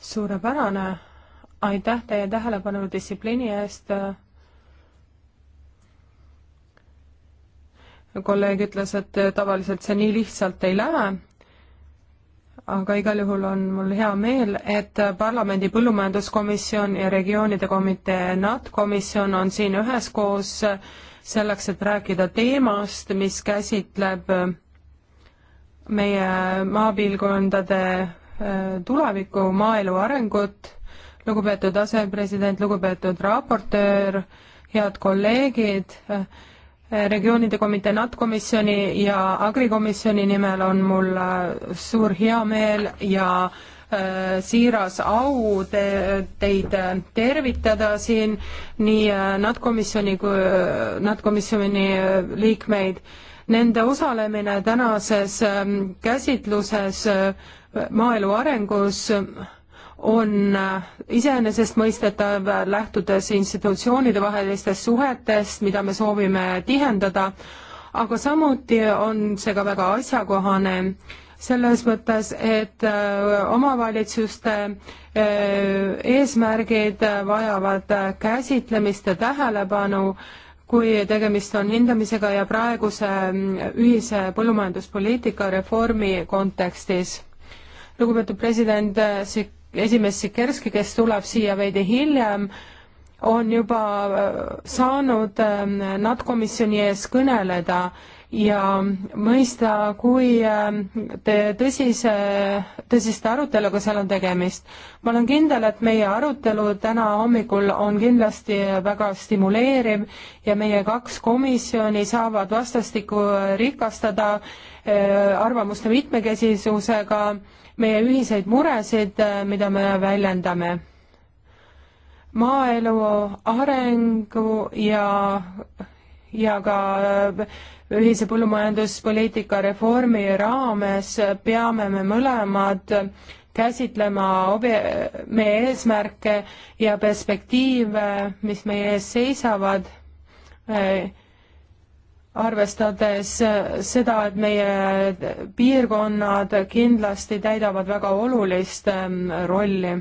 suurepärane, aitäh teie tähelepanu distsipliini eest. kolleeg ütles, et tavaliselt see nii lihtsalt ei lähe aga igal juhul on mul hea meel, et parlamendi põllumajanduskomisjon ja regioonide komitee NAT-komisjon on siin üheskoos selleks, et rääkida teemast, mis käsitleb meie maapiirkondade äh, tulevikku, maaelu arengut, lugupeetud asepresident, lugupeetud raportöör, head kolleegid, äh, regioonide komitee NAT-komisjoni ja agrikomisjoni nimel on mul äh, suur heameel ja siiras au te, teid tervitada siin, nii NAT-komisjoni kui NAT-komisjoni liikmeid nende osalemine tänases ähm, käsitluses äh, maaelu arengus äh, on äh, iseenesestmõistetav, lähtudes institutsioonide vahelistest suhetest, mida me soovime tihendada, aga samuti on see ka väga asjakohane selles mõttes, et omavalitsuste eesmärgid vajavad käsitlemist ja tähelepanu kui tegemist on hindamisega ja praeguse mm, ühise põllumajanduspoliitika reformi kontekstis. lugupeetud president, äh, esimees Sikerski, kes tuleb siia veidi hiljem, on juba äh, saanud äh, NAT komisjoni ees kõneleda ja mõista, kui ähm, tõsise, tõsiste aruteluga seal on tegemist. ma olen kindel, et meie arutelu täna hommikul on kindlasti väga stimuleeriv ja meie kaks komisjoni saavad vastastikku rikastada äh, arvamuste mitmekesisusega meie ühiseid muresid, äh, mida me väljendame maaelu arengu ja ja ka äh, ühise põllumajanduspoliitika reformi raames peame me mõlemad käsitlema obje-, meie eesmärke ja perspektiive, mis meie ees seisavad, äh, arvestades äh, seda, et meie piirkonnad kindlasti täidavad väga olulist ähm, rolli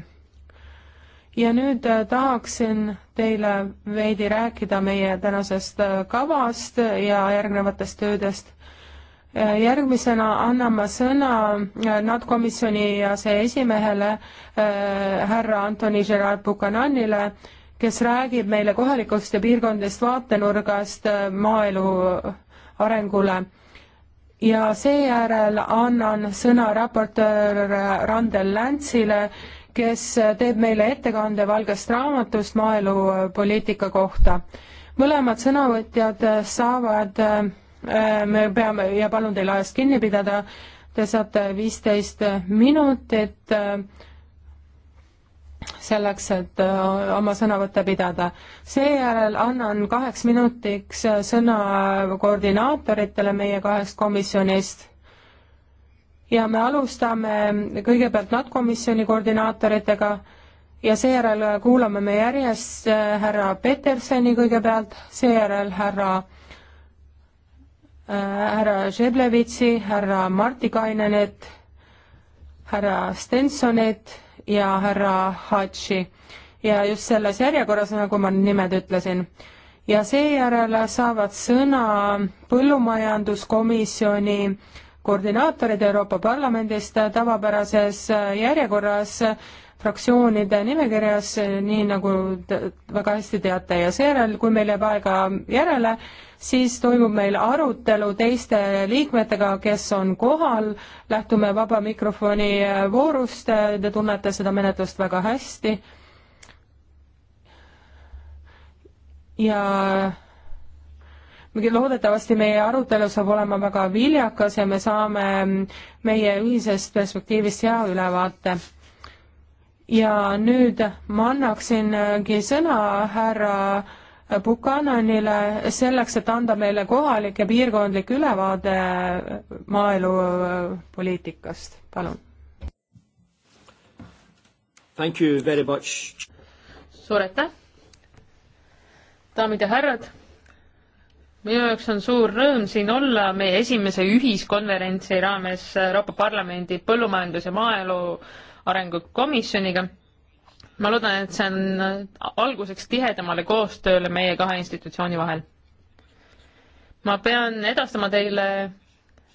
ja nüüd äh, tahaksin teile veidi rääkida meie tänasest äh, kavast ja järgnevatest töödest. Äh, järgmisena annan ma sõna NAT-komisjoni aseesimehele äh, härra Antoni Gerard Bukananile, kes räägib meile kohalikust ja piirkondadest vaatenurgast maaelu arengule. ja seejärel annan sõna raportöör Randel Läntsile, kes teeb meile ettekande Valgest raamatust maaelupoliitika kohta. mõlemad sõnavõtjad saavad, äh, me peame ja palun teil ajast kinni pidada, te saate viisteist minutit äh, selleks, et äh, oma sõnavõtte pidada. seejärel annan kaheks minutiks sõna koordinaatoritele meie kahest komisjonist ja me alustame kõigepealt NAT-komisjoni koordinaatoritega ja seejärel kuulame me järjest äh, härra Petersoni kõigepealt, seejärel härra äh, härra Žeblevitsi, härra Martikainenit, härra Stensonit ja härra Hatši. ja just selles järjekorras, nagu ma nimed ütlesin. ja seejärel saavad sõna põllumajanduskomisjoni äh, koordinaatorid Euroopa Parlamendist tavapärases järjekorras fraktsioonide nimekirjas, nii nagu te väga hästi teate, ja seejärel, kui meil jääb aega järele, siis toimub meil arutelu teiste liikmetega, kes on kohal, lähtume vaba mikrofoni voorust, te tunnete seda menetlust väga hästi ja loodetavasti meie arutelu saab olema väga viljakas ja me saame meie ühisest perspektiivist hea ülevaate. ja nüüd ma annaksingi sõna härra Bukananile selleks, et anda meile kohalik ja piirkondlik ülevaade maaelupoliitikast, palun. Thank you very much. suur aitäh. daamid ja härrad minu jaoks on suur rõõm siin olla meie esimese ühiskonverentsi raames Euroopa Parlamendi põllumajandus- ja maaelu arengukomisjoniga. ma loodan, et see on alguseks tihedamale koostööle meie kahe institutsiooni vahel. ma pean edastama teile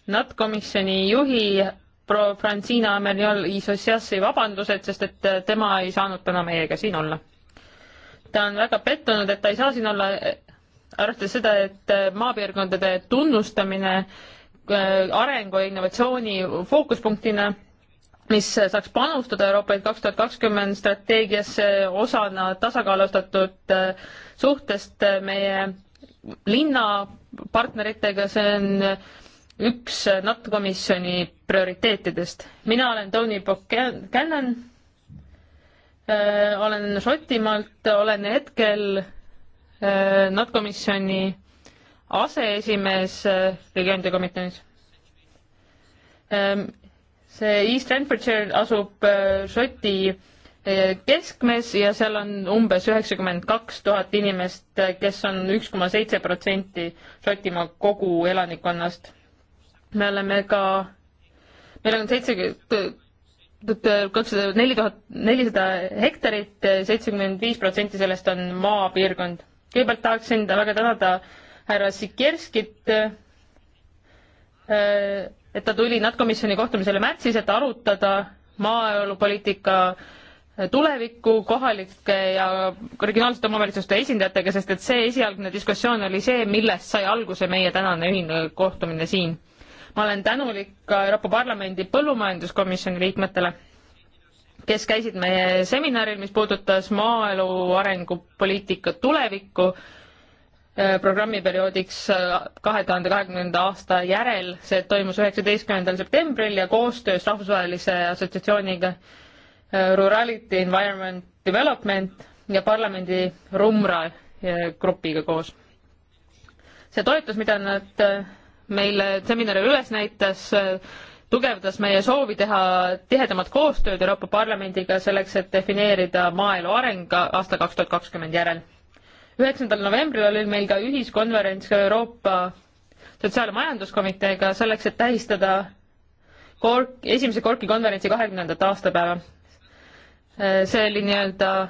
NAT-komisjoni juhi pro-, Francina Ameriol Isossiassi vabandused, sest et tema ei saanud täna meiega siin olla ta on väga pettunud, et ta ei saa siin olla, arvestades seda, et äh, maapiirkondade tunnustamine äh, arengu ja innovatsiooni fookuspunktina mis saaks panustada Euroopa Liit kaks tuhat kakskümmend strateegiasse osana tasakaalustatud äh, suhtest meie linnapartneritega, see on üks NATO komisjoni prioriteetidest. mina olen Tony Buchanan, olen Šotimaalt, olen hetkel Äh, NAT-komisjoni aseesimees äh, regioonide komitees. Ähm, see East Renfordshire asub äh, Šoti keskmes ja seal on umbes üheksakümmend kaks tuhat inimest, kes on üks koma seitse protsenti Šotimaa kogu elanikkonnast. me oleme ka, meil on seitse, kakssada neli tuhat nelisada hektarit, seitsekümmend viis protsenti sellest on maapiirkond kõigepealt tahaksin ta väga tänada härra Sikerskit, äh, et ta tuli NAT-komisjoni kohtumisele märtsis, et arutada maaelupoliitika tulevikku kohalike ja regionaalsete omavalitsuste esindajatega, sest et see esialgne diskussioon oli see, millest sai alguse meie tänane ühine kohtumine siin. ma olen tänulik ka Euroopa Parlamendi põllumajanduskomisjoni liikmetele kes käisid meie seminaril, mis puudutas maaelu arengupoliitika tulevikku äh, programmiperioodiks äh, kahe tuhande kahekümnenda aasta järel. see toimus üheksateistkümnendal septembril ja koostöös rahvusvahelise assotsiatsiooniga äh, Rurality Environment Development ja parlamendi Rumra grupiga koos. see toetus, mida nad meile seminaril üles näitas, tugevdas meie soovi teha tihedamat koostööd Euroopa Parlamendiga selleks, et defineerida maaelu areng aasta kaks tuhat kakskümmend järel. üheksandal novembril oli meil ka ühiskonverents Euroopa Sotsiaal- ja Majanduskomiteega selleks, et tähistada Kork, esimese Korki konverentsi kahekümnendat aastapäeva. see oli nii-öelda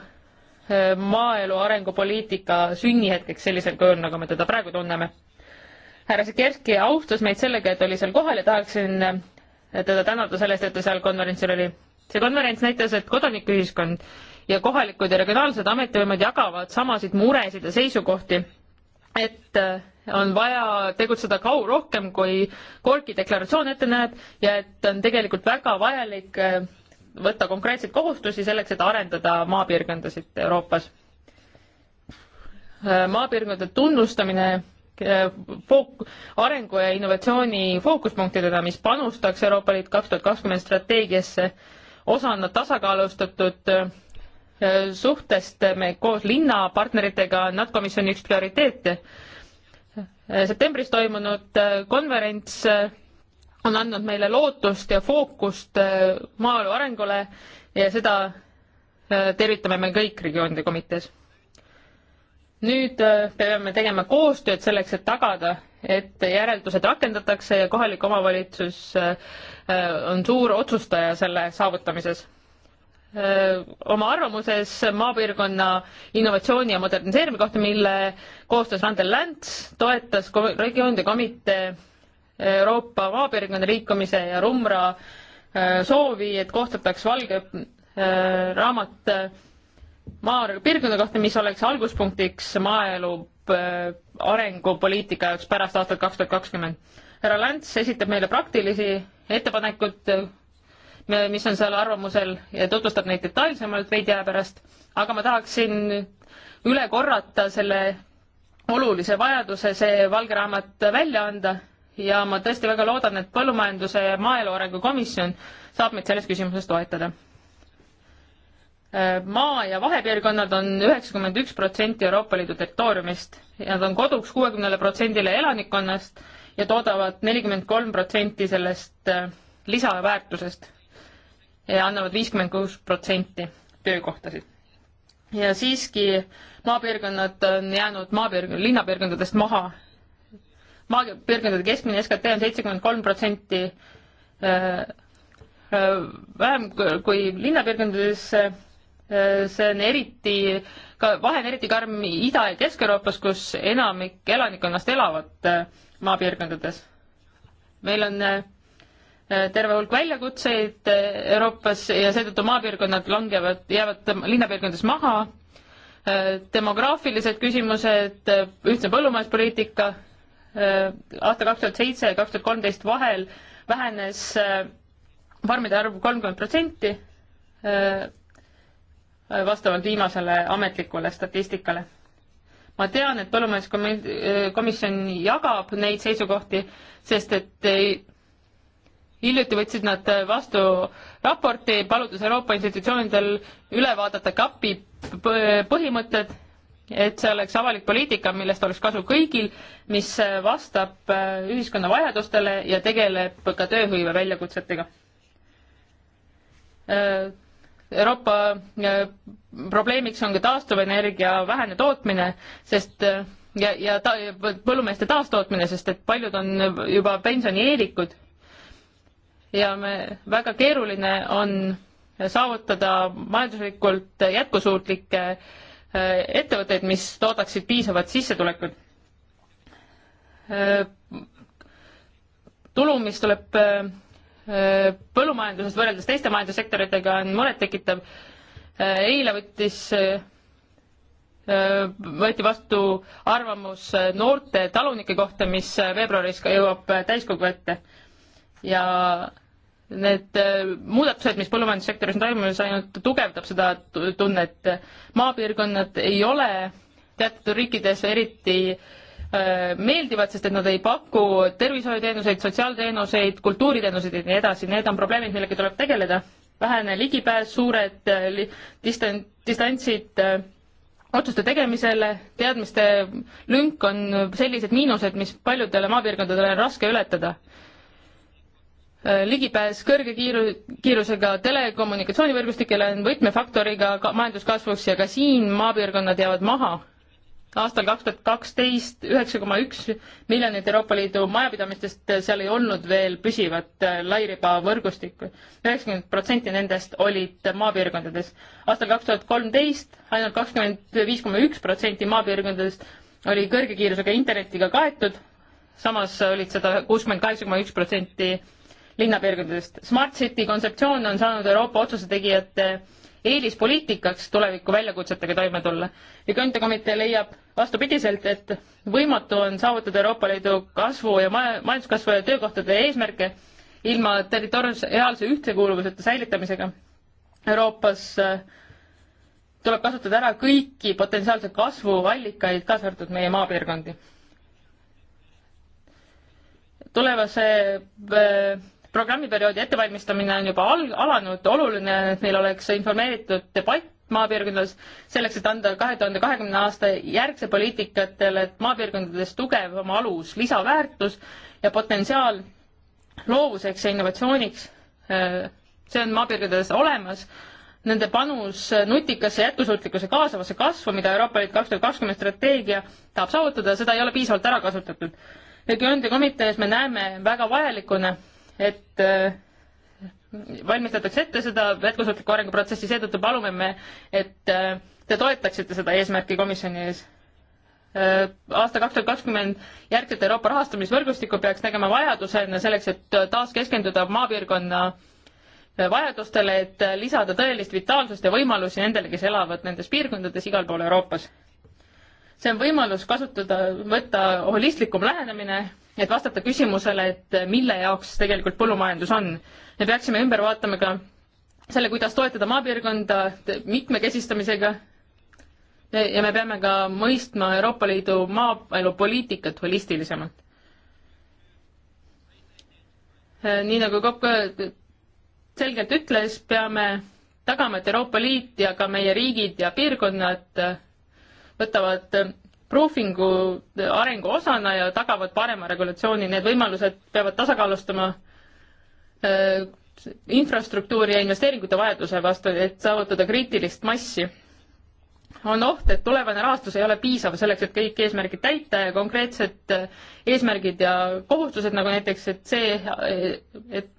e, maaelu arengupoliitika sünnihetkeks sellisel kujul, nagu me teda praegu tunneme härra Sikerski austas meid sellega, et oli seal kohal ja tahaksin teda tänada selle eest, et ta seal konverentsil oli. see konverents näitas, et kodanikuühiskond ja kohalikud ja regionaalsed ametivõimed jagavad samasid muresid ja seisukohti, et äh, on vaja tegutseda kau-, rohkem kui Gorki deklaratsioon ette näeb ja et on tegelikult väga vajalik äh, võtta konkreetseid kohustusi selleks, et arendada maapiirkondasid Euroopas. Äh, maapiirkondade tunnustamine Äh, fook-, arengu ja innovatsiooni fookuspunktidega, mis panustaks Euroopa Liit kaks tuhat kakskümmend strateegiasse osana tasakaalustatud äh, suhtest me koos linnapartneritega on NATO komisjoni üks prioriteete. Äh, septembris toimunud konverents on andnud meile lootust ja fookust maaelu arengule ja seda tervitame me kõik regioonide komitees nüüd äh, peame tegema koostööd selleks, et tagada, et järeldused rakendatakse ja kohalik omavalitsus äh, äh, on suur otsustaja selle saavutamises. oma arvamuses maapiirkonna innovatsiooni ja moderniseerimise kohta, mille koostöös Randel Länts toetas regioonide komitee Euroopa maapiirkonna liikumise ja Rumra soovi, et koostataks valge raamat maapiirkonna kohta, mis oleks alguspunktiks maaelu äh, arengupoliitika jaoks pärast aastat kaks tuhat kakskümmend. härra Länts esitab meile praktilisi ettepanekud, äh, mis on seal arvamusel ja tutvustab neid detailsemalt veidi aja pärast, aga ma tahaksin üle korrata selle olulise vajaduse see valge raamat välja anda ja ma tõesti väga loodan, et Põllumajanduse ja Maaelu Arengu Komisjon saab meid selles küsimuses toetada maa- ja vahepiirkonnad on üheksakümmend üks protsenti Euroopa Liidu territooriumist ja nad on koduks kuuekümnele protsendile elanikkonnast ja toodavad nelikümmend kolm protsenti sellest äh, lisaväärtusest ja annavad viiskümmend kuus protsenti töökohtasid. ja siiski maapiirkonnad on jäänud maapiirkond, linnapiirkondadest maha. maapiirkondade keskmine SKT on seitsekümmend kolm protsenti äh, äh, vähem kui linnapiirkondades see on eriti, ka vahe on eriti karm Ida- ja Kesk-Euroopas, kus enamik elanikkonnast elavad äh, maapiirkondades. meil on äh, terve hulk väljakutseid äh, Euroopas ja seetõttu maapiirkonnad langevad, jäävad linnapiirkondades maha, demograafilised küsimused, ühtne põllumajanduspoliitika, aasta kaks tuhat seitse ja kaks tuhat kolmteist vahel vähenes farmide arv kolmkümmend protsenti, Äh, vastavalt viimasele ametlikule statistikale. ma tean, et põllumajanduskomisjon jagab neid seisukohti, sest et äh, hiljuti võtsid nad äh, vastu raporti, paludes Euroopa institutsioonidel üle vaadata kapi põhimõtted, et see oleks avalik poliitika, millest oleks kasu kõigil, mis vastab ühiskonna vajadustele ja tegeleb ka tööhõive väljakutsetega Euroopa äh, probleemiks on ka taastuvenergia vähene tootmine, sest äh, ja, ja ta-, põllumeeste taastootmine, sest et paljud on juba pensionieelikud ja me, väga keeruline on saavutada majanduslikult jätkusuutlikke äh, ettevõtteid, mis toodaksid piisavat sissetulekut. tulu, mis tuleb põllumajanduses võrreldes teiste majandussektoritega on murettekitav. eile võttis, võeti vastu arvamus noorte talunike kohta, mis veebruaris ka jõuab täiskogu ette. ja need muudatused, mis põllumajandussektoris on toimunud, ainult tugevdab seda tunnet. maapiirkonnad ei ole teatud riikides eriti äh, Äh, meeldivad, sest et nad ei paku tervishoiuteenuseid, sotsiaalteenuseid, kultuuriteenuseid ja nii edasi, need on probleemid, millega tuleb tegeleda. vähene ligipääs, suured äh, distan-, distantsid äh, otsuste tegemisele, teadmiste lünk on sellised miinused, mis paljudele maapiirkondadele on raske ületada ligipääs kõrge kiiru-, kiirusega telekommunikatsioonivõrgustikele on võtmefaktoriga ka majanduskasvuks ja ka siin maapiirkonnad jäävad maha aastal kaks tuhat kaksteist üheksa koma üks miljonit Euroopa Liidu majapidamistest, eh, seal ei olnud veel püsivat eh, lairibavõrgustikku. üheksakümmend protsenti nendest olid maapiirkondades. aastal kaks tuhat kolmteist ainult kakskümmend viis koma üks protsenti maapiirkondadest oli kõrge kiirusega internetiga kaetud, samas olid seda kuuskümmend kaheksa koma üks protsenti linnapiirkondadest. Smart City kontseptsioon on saanud Euroopa otsusetegijate eelispoliitikaks tuleviku väljakutsetega toime tulla. Vikonte komitee leiab vastupidiselt, et võimatu on saavutada Euroopa Liidu kasvu ja maja, majanduskasvu ja töökohtade eesmärke ilma territoriaalse ühtekuuluvuseta säilitamisega. Euroopas äh, tuleb kasutada ära kõiki potentsiaalse kasvu allikaid, kaasa arvatud meie maapiirkondi. tulevase äh, programmiperioodi ettevalmistamine on juba al-, alanud, oluline, et meil oleks informeeritud debatt maapiirkondades, selleks, et anda kahe tuhande kahekümne aasta järgse poliitikatele maapiirkondades tugev oma alus, lisaväärtus ja potentsiaal loovuseks ja innovatsiooniks, see on maapiirkondades olemas, nende panus nutikasse jätkusuutlikkuse kaasavasse kasvu, mida Euroopa Liit kaks tuhat kakskümmend strateegia tahab saavutada, seda ei ole piisavalt ära kasutatud. regioonide komitees me näeme väga vajalikuna et äh, valmistatakse ette seda jätkusuutliku arenguprotsessi, seetõttu palume me, et äh, te toetaksite seda eesmärki komisjoni ees äh, aasta kaks tuhat kakskümmend järgset Euroopa rahastamisvõrgustikku peaks nägema vajadusena selleks, et taas keskenduda maapiirkonna vajadustele, et lisada tõelist vitaalsust ja võimalusi nendele, kes elavad nendes piirkondades igal pool Euroopas. see on võimalus kasutada, võtta holistlikum lähenemine et vastata küsimusele, et mille jaoks tegelikult põllumajandus on. me peaksime ümber vaatama ka selle, kuidas toetada maapiirkonda mitmekesistamisega ja me peame ka mõistma Euroopa Liidu maaelupoliitikat holistilisemalt. nii nagu Kokko selgelt ütles, peame tagama, et Euroopa Liit ja ka meie riigid ja piirkonnad võtavad proofingu arengu osana ja tagavad parema regulatsiooni, need võimalused peavad tasakaalustama äh, infrastruktuuri ja investeeringute vajaduse vastu, et saavutada kriitilist massi. on oht, et tulevane rahastus ei ole piisav selleks, et kõik eesmärgid täita ja konkreetsed äh, eesmärgid ja kohustused, nagu näiteks, et see, äh, et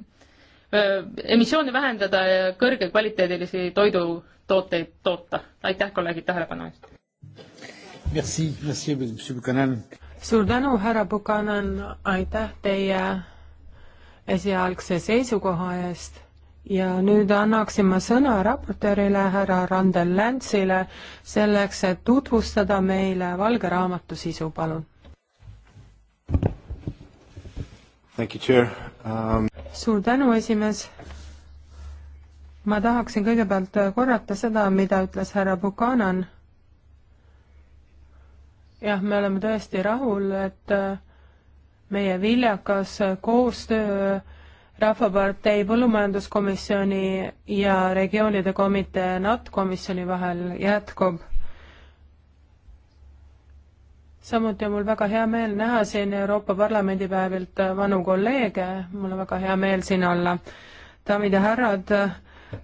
emissioone vähendada ja kõrgekvaliteedilisi toidutooteid toota. aitäh, kolleegid, tähelepanu eest! Merci, merci, monsieur Buchanan. suur tänu, härra Buchanan, aitäh teie esialgse seisukoha eest ja nüüd annaksin ma sõna raportöörile härra Randel Läntsile selleks, et tutvustada meile valge raamatu sisu, palun. Um... suur tänu, esimees. ma tahaksin kõigepealt korrata seda, mida ütles härra Buchanan jah, me oleme tõesti rahul, et äh, meie viljakas koostöö Rahvapartei Põllumajanduskomisjoni ja regioonide komitee NAT-komisjoni vahel jätkub. samuti on mul väga hea meel näha siin Euroopa Parlamendi päevilt vanu kolleege, mul on väga hea meel siin olla. daamid ja härrad,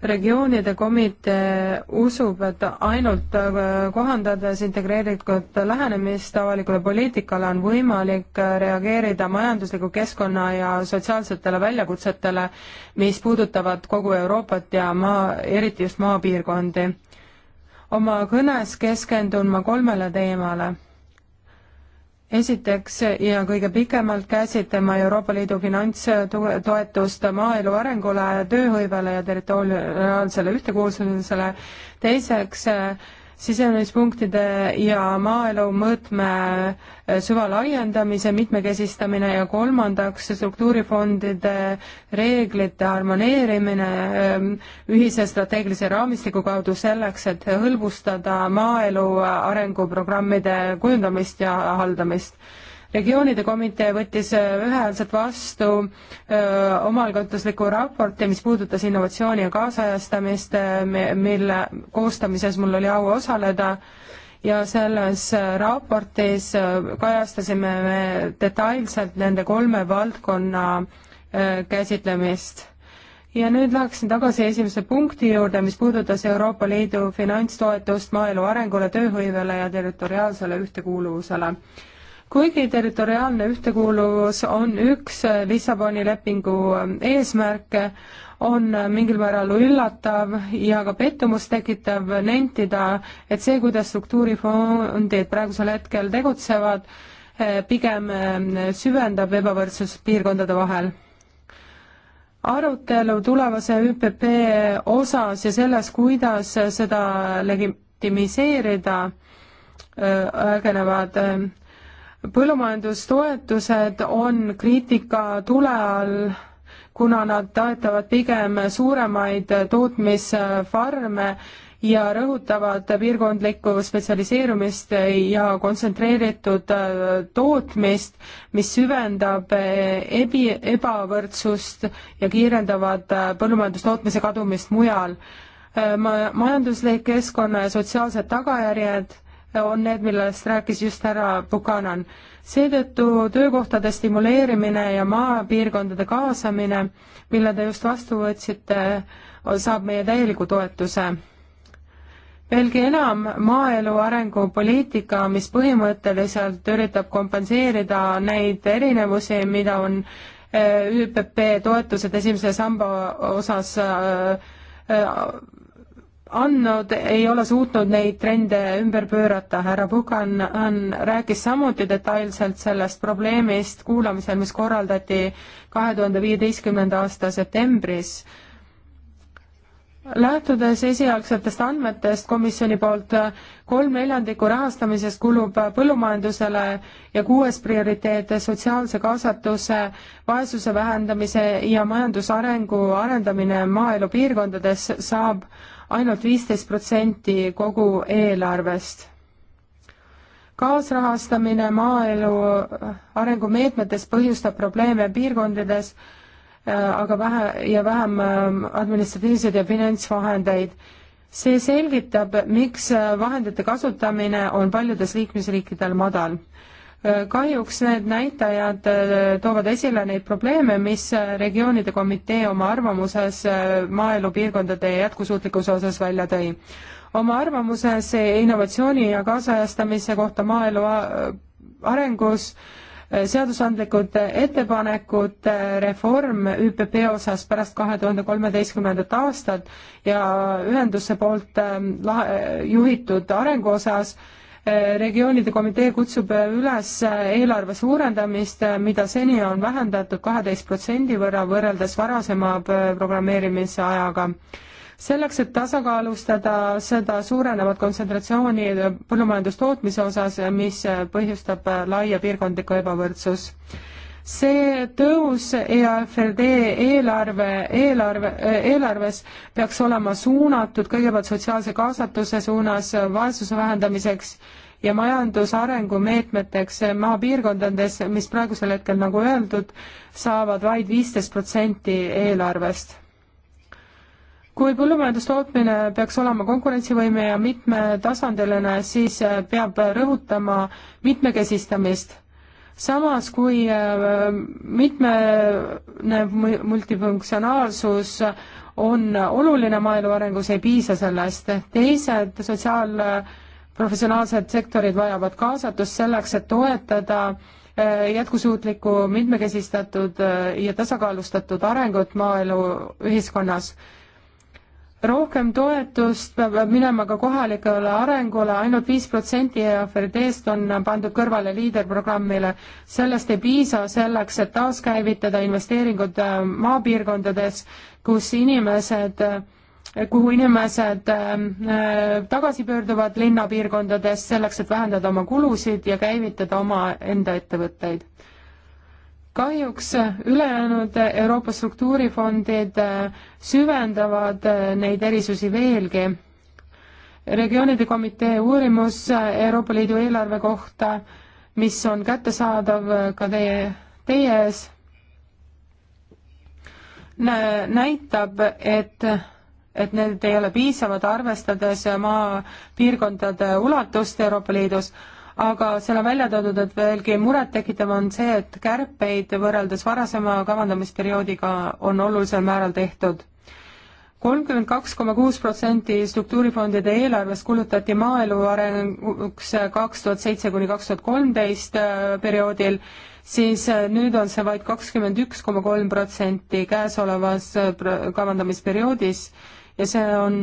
regioonide komitee usub, et ainult äh, kohandades integreeritud lähenemist avalikule poliitikale on võimalik äh, reageerida majandusliku keskkonna ja sotsiaalsetele väljakutsetele, mis puudutavad kogu Euroopat ja maa, eriti just maapiirkondi. oma kõnes keskendun ma kolmele teemale esiteks ja kõige pikemalt käsitlema Euroopa Liidu finantstoetust maaelu arengule, tööhõivele ja territoriaalsele ühtekuuluvusele, teiseks sisenemispunktide ja maaelu mõõtme eh, süvalaiendamise mitmekesistamine ja kolmandaks struktuurifondide reeglite harmoneerimine eh, ühise strateegilise raamistiku kaudu selleks, et hõlbustada maaelu arenguprogrammide kujundamist ja haldamist regioonide komitee võttis äh, ühehäälselt vastu äh, omalgatusliku raporti, mis puudutas innovatsiooni ja kaasajastamist, äh, mille koostamises mul oli au osaleda ja selles raportis kajastasime me detailselt nende kolme valdkonna käsitlemist ja nüüd läheksin tagasi esimese punkti juurde, mis puudutas Euroopa Liidu finantstoetust maaelu arengule, tööhõivele ja territoriaalsele ühtekuuluvusele kuigi territoriaalne ühtekuuluvus on üks Lissaboni lepingu ähm, eesmärke, on mingil määral üllatav ja ka pettumust tekitav nentida, et see, kuidas struktuurifondid praegusel hetkel tegutsevad, äh, pigem ähm, süvendab ebavõrdsust piirkondade vahel. arutelu tulevase ÜPP osas ja selles, kuidas seda legitimiseerida, ägenevad äh, põllumajandustoetused on kriitika tule all, kuna nad toetavad pigem suuremaid tootmisfarme ja rõhutavad piirkondlikku spetsialiseerumist ja kontsentreeritud äh, tootmist, mis süvendab äh, ebi, ebavõrdsust ja kiirendavad äh, põllumajandustootmise kadumist mujal ma-, majanduslik keskkonna ja sotsiaalsed tagajärjed on need, millest rääkis just härra Buchanan. seetõttu töökohtade stimuleerimine ja maapiirkondade kaasamine, mille te just vastu võtsite, saab meie täieliku toetuse. veelgi enam, maaelu arengupoliitika, mis põhimõtteliselt üritab kompenseerida neid erinevusi, mida on äh, ÜPP toetused esimese samba osas äh, äh, andnud, ei ole suutnud neid trende ümber pöörata, härra Pukan on, äh, rääkis samuti detailselt sellest probleemist kuulamisel, mis korraldati kahe tuhande viieteistkümnenda aasta septembris. lähtudes esialgsetest andmetest komisjoni poolt, äh, kolm neljandikku rahastamisest kulub äh, põllumajandusele ja kuues prioriteet sotsiaalse kaasatuse, vaesuse vähendamise ja majandusarengu arendamine maaelupiirkondades saab ainult viisteist protsenti kogu eelarvest. kaasrahastamine maaelu äh, arengumeetmetes põhjustab probleeme piirkondades, äh, aga vähe ja vähem ähm, administratiivseid ja finantsvahendeid. see selgitab, miks äh, vahendite kasutamine on paljudes liikmesriikidel madal Äh, kahjuks need näitajad äh, toovad esile neid probleeme, mis äh, regioonide komitee oma arvamuses maaelupiirkondade jätkusuutlikkuse osas välja tõi. oma arvamuses e, innovatsiooni ja kaasajastamise kohta maaelu arengus seadusandlikud ettepanekud, reform ÜPP osas pärast kahe tuhande kolmeteistkümnendat aastat ja ühenduse poolt juhitud arengu osas regioonide komitee kutsub üles eelarve suurendamist, mida seni on vähendatud kaheteist protsendi võrra võrreldes varasema programmeerimise ajaga. selleks, et tasakaalustada seda suurenevat kontsentratsiooni põllumajandustootmise osas, mis põhjustab laia piirkondlikku ebavõrdsust see tõus EAFRD eelarve, eelarve, eelarves peaks olema suunatud kõigepealt sotsiaalse kaasatuse suunas vaesuse vähendamiseks ja majandusarengu meetmeteks maapiirkondades, mis praegusel hetkel, nagu öeldud, saavad vaid viisteist protsenti eelarvest. kui põllumajandustootmine peaks olema konkurentsivõime ja mitmetasandiline, siis peab rõhutama mitmekesistamist samas kui äh, mitmene multifunktsionaalsus on oluline maaelu arengus, ei piisa sellest, teised sotsiaalprofessionaalsed sektorid vajavad kaasatust selleks, et toetada äh, jätkusuutlikku, mitmekesistatud äh, ja tasakaalustatud arengut maaelu ühiskonnas rohkem toetust peab minema ka kohalikele arengule ainult, ainult viis protsenti EAFRD-st on pandud kõrvale liiderprogrammile. sellest ei piisa selleks, et taaskäivitada investeeringud äh, maapiirkondades, kus inimesed, kuhu inimesed äh, tagasi pöörduvad linnapiirkondades selleks, et vähendada oma kulusid ja käivitada omaenda ettevõtteid kahjuks ülejäänud Euroopa struktuurifondid äh, süvendavad äh, neid erisusi veelgi. regioonide komitee uurimus äh, Euroopa Liidu eelarve kohta, mis on kättesaadav ka teie, teie ees, näitab, et, et need ei ole piisavad, arvestades maapiirkondade ulatust Euroopa Liidus aga seal on välja toodud, et veelgi murettekitav on see, et kärpeid võrreldes varasema kavandamisperioodiga on olulisel määral tehtud. kolmkümmend kaks koma kuus protsenti struktuurifondide eelarvest kulutati maaelu arenguks kaks tuhat seitse kuni kaks tuhat kolmteist äh, perioodil, siis äh, nüüd on see vaid kakskümmend üks koma kolm protsenti käesolevas äh, kavandamisperioodis ja see on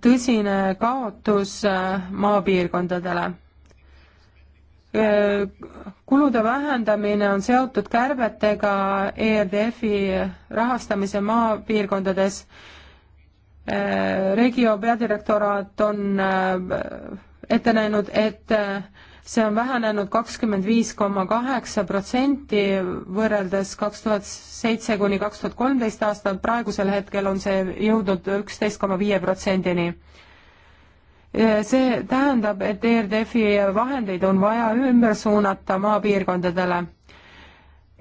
tõsine kaotus äh, maapiirkondadele äh, kulude vähendamine on seotud kärbetega ERDF-i rahastamise maapiirkondades. Äh, Regio peadirektoraat on ette näinud, et see on vähenenud kakskümmend viis koma kaheksa protsenti võrreldes kaks tuhat seitse kuni kaks tuhat kolmteist aastal, praegusel hetkel on see jõudnud üksteist koma viie protsendini. see tähendab, et ERDF-i vahendeid on vaja ümber suunata maapiirkondadele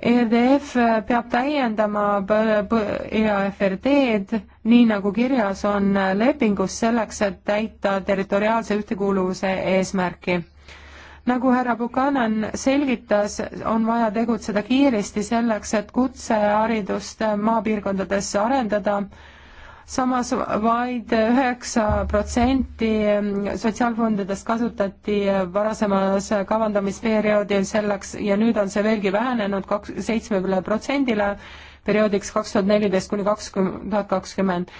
ERDF peab täiendama EAFRD-d, nii nagu kirjas on lepingus, selleks et täita territoriaalse ühtekuuluvuse eesmärki nagu härra Buchanan selgitas, on vaja tegutseda kiiresti selleks, et kutseharidust maapiirkondades arendada, samas vaid üheksa protsenti sotsiaalfondidest kasutati varasemas kavandamisperioodil selleks ja nüüd on see veelgi vähenenud kaks, seitsmele protsendile perioodiks kaks tuhat neliteist kuni kakskümmend, tuhat kakskümmend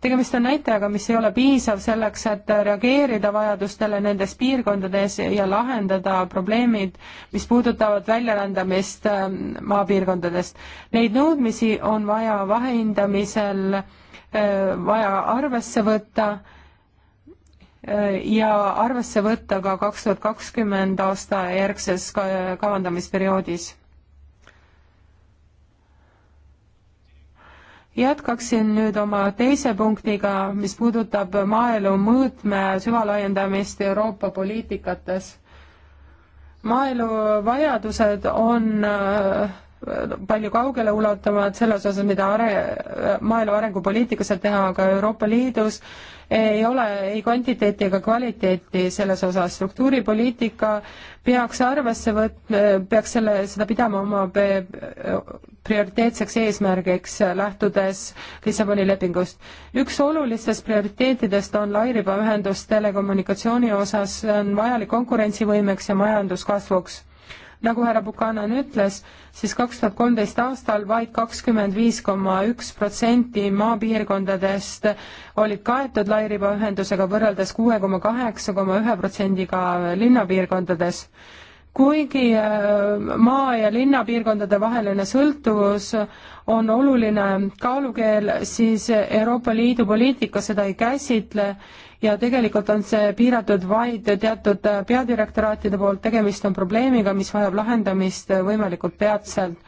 tegemist on näitajaga, mis ei ole piisav selleks, et reageerida vajadustele nendes piirkondades ja lahendada probleemid, mis puudutavad väljarändamist ähm, maapiirkondadest. Neid nõudmisi on vaja vahehindamisel äh, vaja arvesse võtta äh, ja arvesse võtta ka kaks tuhat kakskümmend aasta järgses kavandamisperioodis jätkaksin nüüd oma teise punktiga, mis puudutab maaelu mõõtme süvalaiendamist Euroopa poliitikates. maaelu vajadused on äh, palju kaugele ulatuvad selles osas, mida are-, maaelu arengupoliitika saab teha, aga Euroopa Liidus ei ole ei kvantiteeti ega kvaliteeti selles osas. struktuuripoliitika peaks arvesse võt-, peaks selle, seda pidama oma prioriteetseks eesmärgiks, lähtudes Lissaboni lepingust. üks olulistest prioriteetidest on lairibaühendus telekommunikatsiooni osas, see on vajalik konkurentsivõimeks ja majanduskasvuks nagu härra Buchanan ütles, siis kaks tuhat kolmteist aastal vaid kakskümmend viis koma üks protsenti maapiirkondadest olid kaetud lairibaühendusega võrreldes kuue koma kaheksa koma ühe protsendiga linnapiirkondades kuigi äh, maa- ja linnapiirkondade vaheline sõltuvus on oluline kaalukeel, siis Euroopa Liidu poliitika seda ei käsitle ja tegelikult on see piiratud vaid teatud äh, peadirektoraatide poolt, tegemist on probleemiga, mis vajab lahendamist äh, võimalikult peatselt.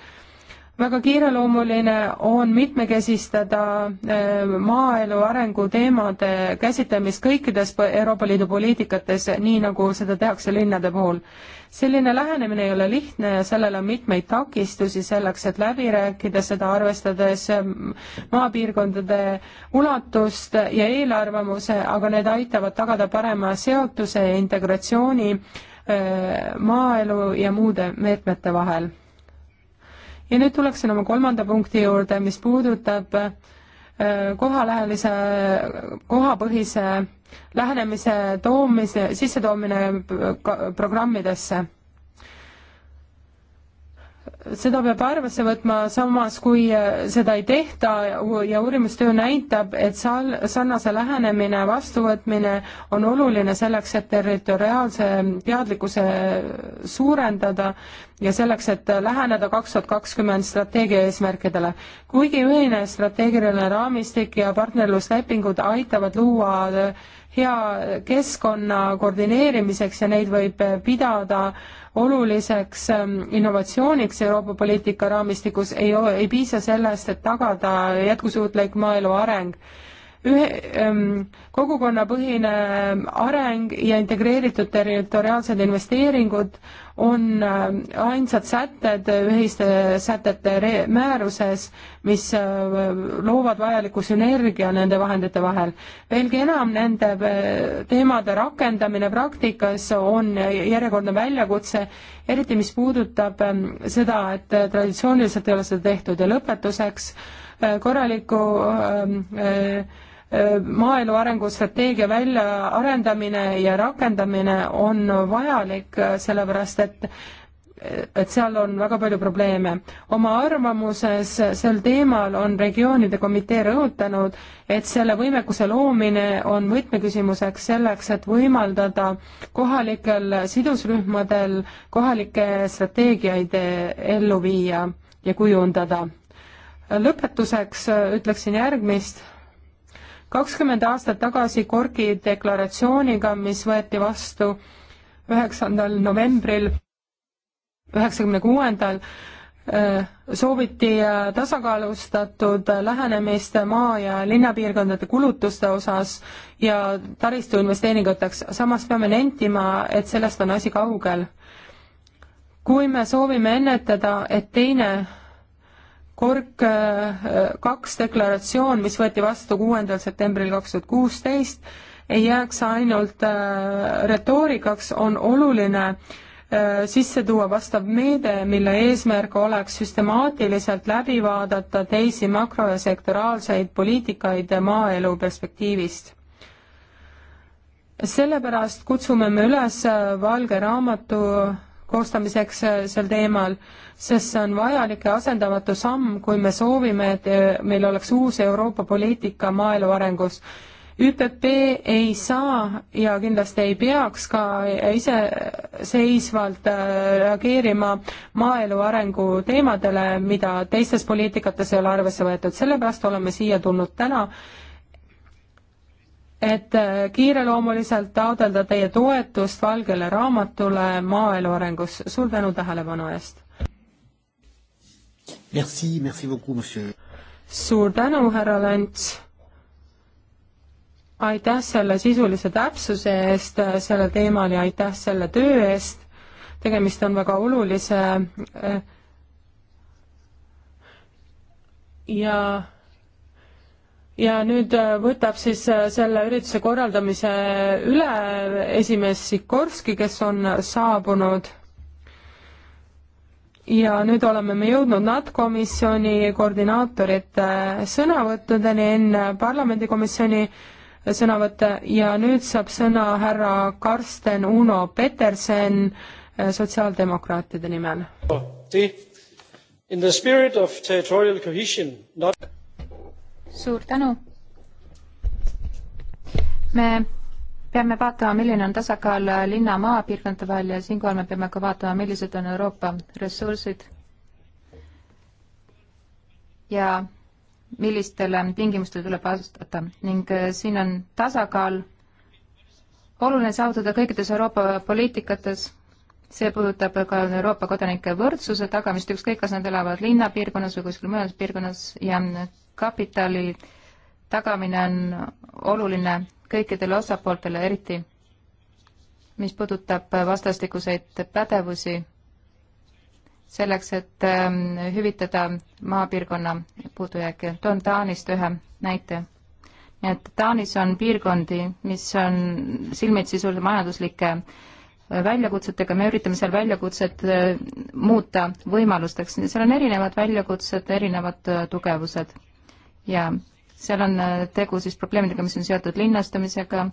väga kiireloomuline on mitmekesistada maaelu arengu teemade käsitlemist kõikides Euroopa Liidu poliitikates, nii nagu seda tehakse linnade puhul selline lähenemine ei ole lihtne ja sellel on mitmeid takistusi selleks, et läbi rääkida seda, arvestades ähm, maapiirkondade ulatust ja eelarvamuse, aga need aitavad tagada parema seotuse ja integratsiooni äh, maaelu ja muude meetmete vahel. ja nüüd tuleksin oma kolmanda punkti juurde, mis puudutab äh, kohalähelise, kohapõhise lähenemise toomise, sissetoomine programmidesse. seda peab arvesse võtma, samas kui äh, seda ei tehta ja uurimustöö näitab, et sal-, sarnase lähenemine, vastuvõtmine on oluline selleks, et territoriaalse teadlikkuse suurendada ja selleks, et läheneda kaks tuhat kakskümmend strateegia eesmärkidele. kuigi ühine strateegiline raamistik ja partnerluslepingud aitavad luua äh, hea keskkonna koordineerimiseks ja neid võib pidada oluliseks ähm, innovatsiooniks Euroopa poliitika raamistikus, ei, ei piisa sellest, et tagada jätkusuutlik maaelu areng ühe ähm,, kogukonnapõhine ähm, areng ja integreeritud territoriaalsed investeeringud on äh, ainsad sätted ühiste sätete määruses, mis äh, loovad vajaliku sünergia nende vahendite vahel. veelgi enam, nende äh, teemade rakendamine praktikas on järjekordne väljakutse, eriti mis puudutab äh, seda, et äh, traditsiooniliselt ei ole seda tehtud ja lõpetuseks äh, korraliku ähm, äh, äh, maaelu arengustrateegia väljaarendamine ja rakendamine on vajalik, sellepärast et et seal on väga palju probleeme. oma arvamuses sel teemal on regioonide komitee rõhutanud, et selle võimekuse loomine on võtmeküsimuseks selleks, et võimaldada kohalikel sidusrühmadel kohalikke strateegiaid ellu viia ja kujundada. lõpetuseks ütleksin järgmist kakskümmend aastat tagasi Korgi deklaratsiooniga, mis võeti vastu üheksandal novembril üheksakümne kuuendal, äh, sooviti äh, tasakaalustatud äh, lähenemist maa- ja linnapiirkondade kulutuste osas ja taristu investeeringuteks, samas peame nentima, et sellest on asi kaugel. kui me soovime ennetada, et teine KORK äh, kaks deklaratsioon, mis võeti vastu kuuendal septembril kaks tuhat kuusteist, ei jääks ainult äh, retoorikaks, on oluline äh, sisse tuua vastav meede, mille eesmärk oleks süstemaatiliselt läbi vaadata teisi makro- ja sektoraalseid poliitikaid maaelu perspektiivist. sellepärast kutsume me üles Valge Raamatu koostamiseks äh, sel teemal, sest see on vajalik ja asendamatu samm, kui me soovime, et äh, meil oleks uus Euroopa poliitika maaelu arengus. ÜPP ei saa ja kindlasti ei peaks ka iseseisvalt äh, reageerima maaelu arengu teemadele, mida teistes poliitikates ei ole arvesse võetud, sellepärast oleme siia tulnud täna et äh, kiireloomuliselt taotleda teie toetust valgele raamatule maaelu arengus. suur tänu tähelepanu eest! Merci, merci beaucoup, monsieur. suur tänu, härra Lents! aitäh selle sisulise täpsuse eest äh, sellel teemal ja aitäh selle töö eest. tegemist on väga olulise äh, ja ja nüüd äh, võtab siis äh, selle ürituse korraldamise üle esimees Sikorski, kes on saabunud. ja nüüd oleme me jõudnud NAT-komisjoni koordinaatorite sõnavõttudeni enne parlamendikomisjoni sõnavõtte ja nüüd saab sõna härra Karsten Uno Peterson äh, sotsiaaldemokraatide nimel. In the spirit of territorial cohesion not suur tänu. me peame vaatama, milline on tasakaal linna maapiirkondade vahel ja siinkohal me peame ka vaatama, millised on Euroopa ressursid ja millistele tingimustele tuleb vastata ning äh, siin on tasakaal oluline saavutada kõikides Euroopa poliitikates see puudutab ka Euroopa kodanike võrdsuse tagamist, ükskõik, kas nad elavad linnapiirkonnas või kuskil mujal piirkonnas ja kapitali tagamine on oluline kõikidele osapooltele, eriti mis puudutab vastastikuseid pädevusi, selleks, et ähm, hüvitada maapiirkonna puudujääke. toon Taanist ühe näite. nii et Taanis on piirkondi, mis on silmitsi suur majanduslike äh, väljakutsetega, me üritame seal väljakutsed äh, muuta võimalusteks, seal on erinevad väljakutsed, erinevad äh, tugevused ja seal on äh, tegu siis probleemidega, mis on seotud linnastumisega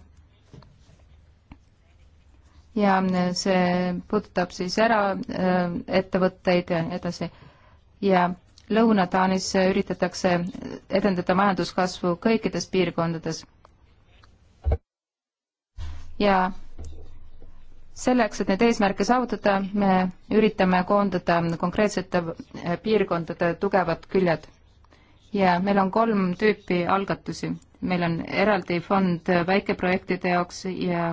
ja see puudutab siis eraettevõtteid ja nii edasi. ja Lõuna-Taanis üritatakse edendada majanduskasvu kõikides piirkondades. ja selleks, et neid eesmärke saavutada, me üritame koondada konkreetsete eh, piirkondade tugevad küljed. ja meil on kolm tüüpi algatusi. meil on eraldi fond väikeprojektide jaoks ja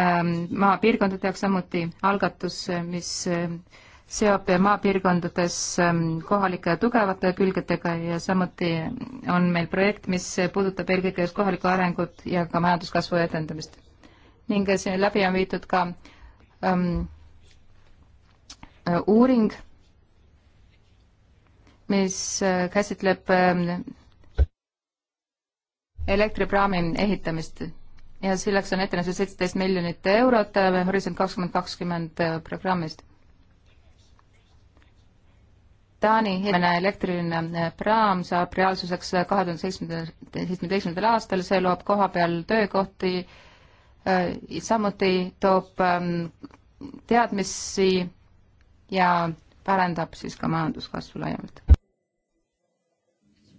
ähm, maapiirkondade jaoks samuti algatus, mis eh, seob maapiirkondades ähm, kohalike tugevate külgedega ja samuti on meil projekt, mis puudutab eelkõige just kohalikku arengut ja ka majanduskasvu edendamist ning siin läbi on viidud ka ähm, äh, uuring, mis äh, käsitleb ähm, elektripraami ehitamist ja selleks on ette nähtud seitseteist miljonit eurot äh, Horisont kakskümmend kakskümmend programmist. Taani esimene elektriline praam saab reaalsuseks kahe tuhande seitsmendal, seitsmeteistkümnendal aastal, see loob kohapeal töökohti äh, Äh, samuti toob ähm, teadmisi ja parandab siis ka majanduskasvu laiemalt.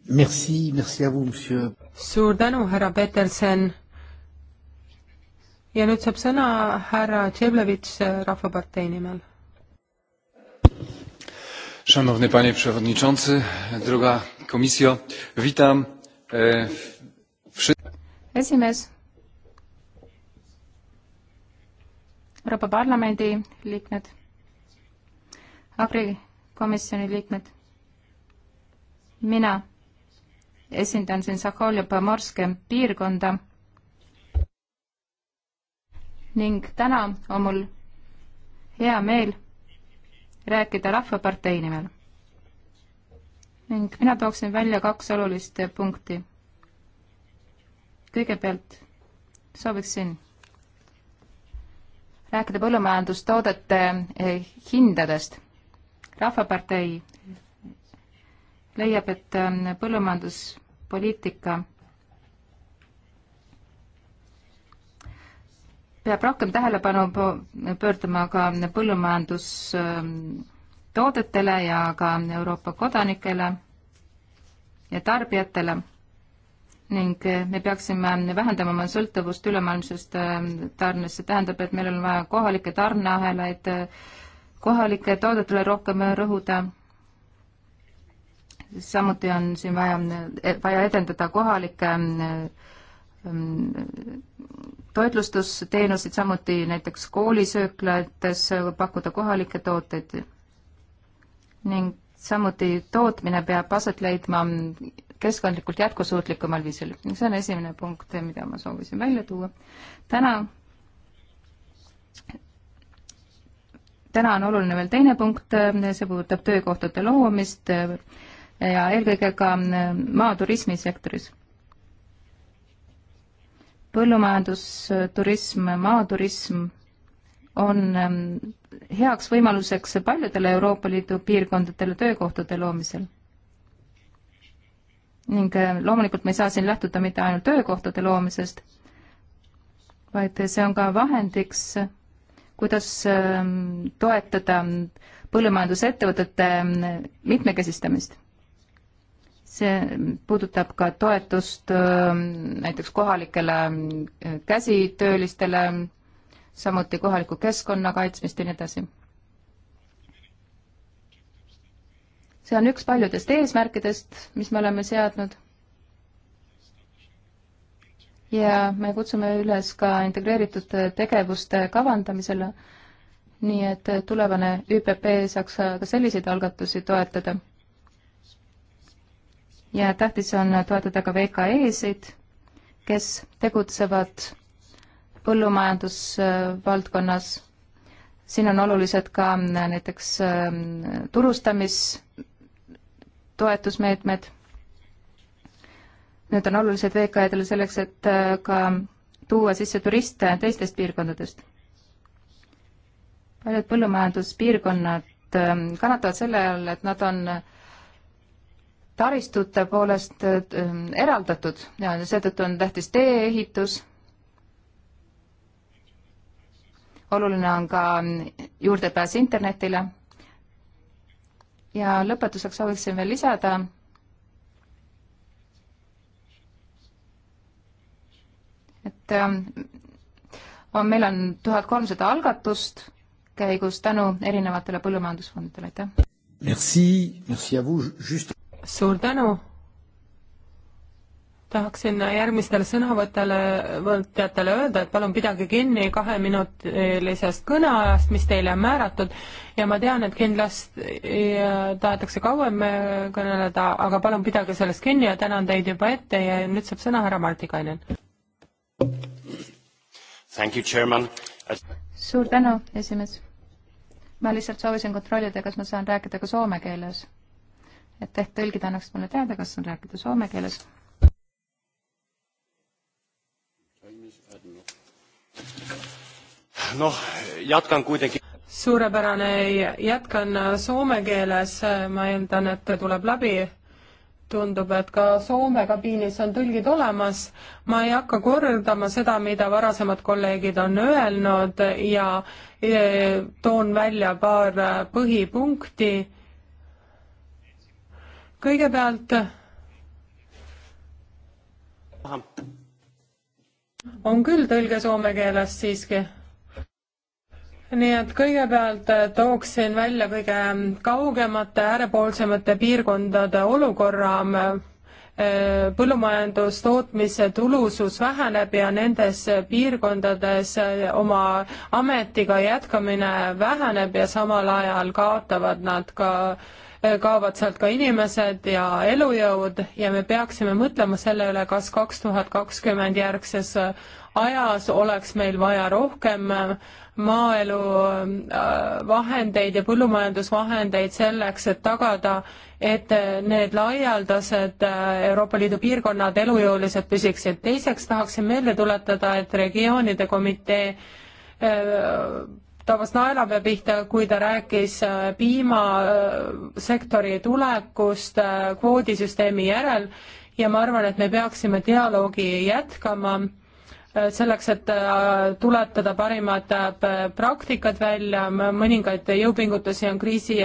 Merci, merci à vous, monsieur. suur tänu, härra Peterson. ja nüüd saab sõna härra Tšeblevitš äh, Rahvapartei nimel. Szanowny panie przewodniczący, droga komisjo, witam e, wszystkich. Esimees Euroopa Parlamendi liikmed, agrikomisjoni liikmed, mina esindan siin Sahholja-Pomorske piirkonda ning täna on mul hea meel rääkida Rahvapartei nimel. ning mina tooksin välja kaks olulist punkti. kõigepealt sooviksin rääkida põllumajandustoodete eh, hindadest. rahvapartei leiab, et ähm, põllumajanduspoliitika peab rohkem tähelepanu pöörduma ka põllumajandustoodetele ähm, ja ka Euroopa kodanikele ja tarbijatele ning eh, me peaksime vähendama oma sõltuvust ülemaailmsest eh, tarnest, see tähendab, et meil on vaja kohalikke tarneahelaid, eh, kohalike toodetele rohkem rõhuda, samuti on siin vaja, vaja edendada kohalikke mm, mm, toitlustusteenuseid, samuti näiteks koolisööklates pakkuda kohalikke tooteid ning samuti tootmine peab aset leidma mm, keskkondlikult jätkusuutlikumal viisil. see on esimene punkt, mida ma soovisin välja tuua. täna, täna on oluline veel teine punkt, see puudutab töökohtade loomist ja eelkõige ka maaturismisektoris. põllumajandusturism, maaturism on ähm, heaks võimaluseks paljudele Euroopa Liidu piirkondadele töökohtade loomisel ning äh, loomulikult me ei saa siin lähtuda mitte ainult töökohtade loomisest, vaid see on ka vahendiks, kuidas ähm, toetada põllumajandusettevõtete ähm, mitmekesistamist. see puudutab ka toetust ähm, näiteks kohalikele äh, käsitöölistele, samuti kohaliku keskkonna kaitsmist ja nii edasi see on üks paljudest eesmärkidest, mis me oleme seadnud. ja me kutsume üles ka integreeritud tegevuste kavandamisele, nii et tulevane ÜPP saaks ka selliseid algatusi toetada. ja tähtis on toetada ka VKE-sid, kes tegutsevad põllumajandusvaldkonnas siin on olulised ka näiteks ähm, turustamis- toetusmeetmed. Need on olulised VKE-dele selleks, et äh, ka tuua sisse turiste teistest piirkondadest. paljud põllumajanduspiirkonnad ähm, kannatavad selle all, et nad on taristute poolest äh, ähm, eraldatud ja seetõttu on tähtis tee-ehitus oluline on ka ähm, juurdepääs internetile ja lõpetuseks sooviksin veel lisada, et ähm, on, meil on tuhat kolmsada algatust käigus tänu erinevatele põllumajandusfondidele, aitäh! Merci, merci à vous, just suur tänu! tahaksin järgmistele sõnavõtjale, võtjatele öelda, et palun pidage kinni kaheminutilisest kõneajast, mis teile on määratud ja ma tean, et kindlasti tahetakse kauem äh, kõneleda, aga palun pidage sellest kinni ja tänan teid juba ette ja nüüd saab sõna härra Martikainen. suur tänu, esimees. ma lihtsalt soovisin kontrollida, kas ma saan rääkida ka soome keeles. et ehk tõlgid annaksid mulle teada, kas saan rääkida soome keeles noh, jätkan kuidagi. suurepärane, jätkan soome keeles, ma eeldan, et tuleb läbi. tundub, et ka Soome kabiinis on tõlgid olemas. ma ei hakka kordama seda, mida varasemad kolleegid on öelnud ja e, toon välja paar põhipunkti. kõigepealt on küll tõlge soome keelest siiski nii et kõigepealt äh, tooksin välja kõige kaugemate äärepoolsemate piirkondade olukorra, äh, põllumajandustootmise tulusus väheneb ja nendes piirkondades äh, oma ametiga jätkamine väheneb ja samal ajal kaotavad nad ka kaovad sealt ka inimesed ja elujõud ja me peaksime mõtlema selle üle, kas kaks tuhat kakskümmend järgses äh, ajas oleks meil vaja rohkem äh, maaelu äh, vahendeid ja põllumajandusvahendeid selleks, et tagada, et need laialdased Euroopa Liidu piirkonnad elujõulised püsiksid. teiseks tahaksin meelde tuletada, et regioonide komitee tabas naelapea pihta, kui ta rääkis äh, piimasektori äh, tulekust äh, kvoodisüsteemi järel ja ma arvan, et me peaksime dialoogi jätkama selleks, et tuletada parimad praktikad välja, mõningaid jõupingutusi on kriisi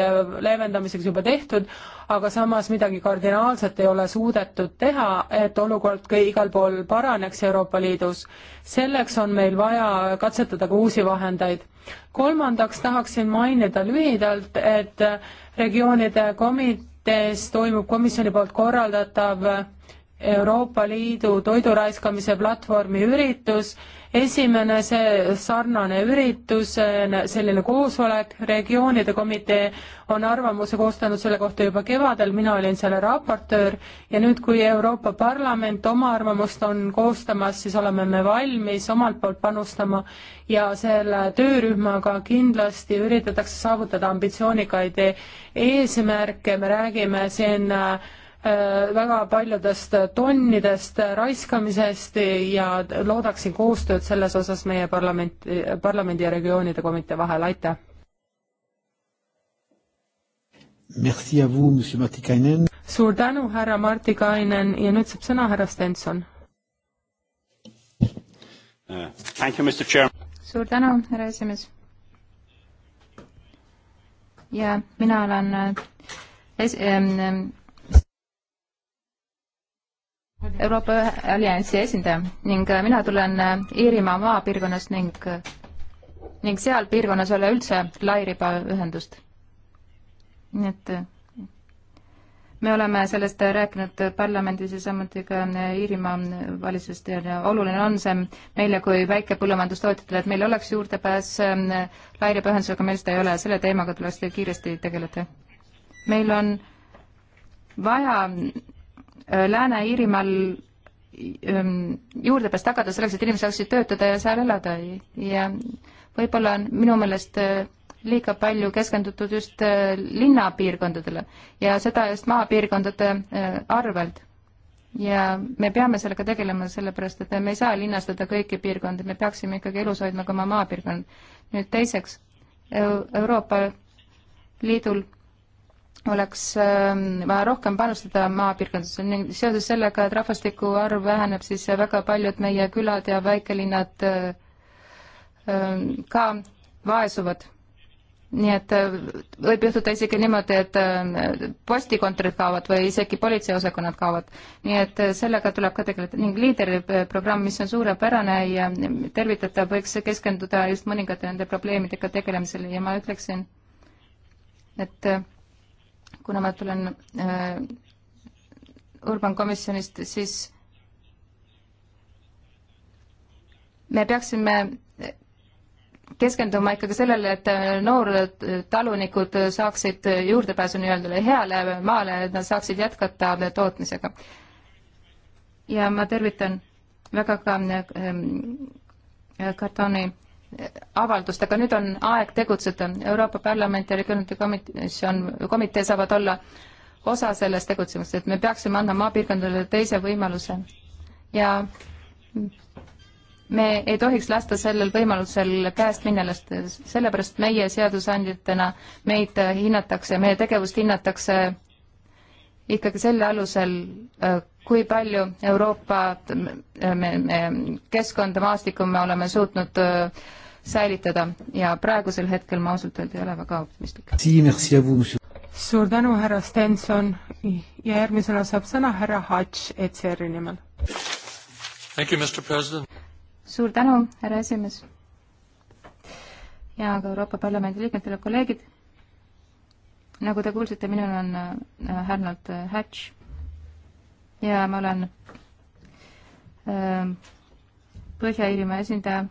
leevendamiseks juba tehtud, aga samas midagi kardinaalset ei ole suudetud teha, et olukord ka igal pool paraneks Euroopa Liidus. selleks on meil vaja katsetada ka uusi vahendeid kolmandaks tahaksin mainida lühidalt, et regioonide komitees toimub komisjoni poolt korraldatav Euroopa Liidu toiduraiskamise platvormi üritus, esimene see sarnane üritus, selline koosolek, regioonide komitee on arvamuse koostanud selle kohta juba kevadel, mina olin selle raportöör ja nüüd, kui Euroopa Parlament oma arvamust on koostamas, siis oleme me valmis omalt poolt panustama ja selle töörühmaga kindlasti üritatakse saavutada ambitsioonikaid eesmärke, me räägime siin äh, Äh, väga paljudest tonnidest raiskamisest ja loodaksin koostööd selles osas meie parlament, parlamendi ja regioonide komitee vahel, aitäh! Merci à vous, monsieur Martikainen. suur tänu, härra Martikainen ja nüüd saab sõna härra Stenson uh,. Thank you, Mr Chair. suur tänu, härra esimees. ja mina olen äh, es- ähm,, Euroopa Alliansi esindaja ning äh, mina tulen äh, Iirimaa maapiirkonnast ning, äh, ning seal piirkonnas ei ole üldse lairibaühendust. nii et me oleme sellest rääkinud parlamendis ja samuti ka Iirimaa valitsusest ja oluline on see meile kui väikepõllumajandustootjatele, et meil oleks juurdepääs lairibaühendusele, aga meil seda ei ole, selle teemaga tuleks kiiresti tegeleda. meil on vaja Lääne-Iirimaal ähm, juurdepääs tagada selleks, et inimesed saaksid töötada ja seal elada ja võib-olla on minu meelest äh, liiga palju keskendutud just äh, linnapiirkondadele ja seda just maapiirkondade äh, arvelt. ja me peame sellega tegelema, sellepärast et me ei saa linnastada kõiki piirkondi, me peaksime ikkagi elus hoidma ka oma maapiirkond. nüüd teiseks, Euroopa Liidul oleks ähm, vaja rohkem panustada maapiirkondadesse ning seoses sellega, et rahvastiku arv väheneb, siis väga paljud meie külad ja väikelinnad äh, ähm, ka vaesuvad. nii et äh, võib juhtuda isegi niimoodi, et äh, postikontorid kaovad või isegi politseiosakonnad kaovad. nii et sellega tuleb ka tegeleda ning liideriprogramm, mis on suurepärane ja tervitatav, võiks keskenduda just mõningate nende probleemidega tegelemisele ja ma ütleksin, et kuna ma tulen äh, Urban Komisjonist, siis me peaksime keskenduma ikkagi sellele, et noored talunikud saaksid juurdepääsu nii-öelda heale maale, et nad saaksid jätkata tootmisega. ja ma tervitan väga ka ähm, kartoni avaldust, aga nüüd on aeg tegutseda. Euroopa Parlament ja Regionaalne Komisjon, komitee saavad olla osa sellest tegutsemisest, et me peaksime andma maapiirkondadele teise võimaluse. ja me ei tohiks lasta sellel võimalusel käest minna, sellepärast meie seadusandjatena meid hinnatakse, meie tegevust hinnatakse ikkagi selle alusel, kui palju Euroopa me, me keskkonda, maastikku me oleme suutnud äh, säilitada ja praegusel hetkel ma ausalt öelda ei ole väga optimistlik. suur tänu, härra Stenson ja järgmisena saab sõna härra Hatš ECR-i nimel. suur tänu, härra esimees ja ka Euroopa Parlamendi liikmetele, kolleegid. nagu te kuulsite, minul on härnalt äh, äh, Hatš ja ma olen äh, Põhja-Iirimaa esindaja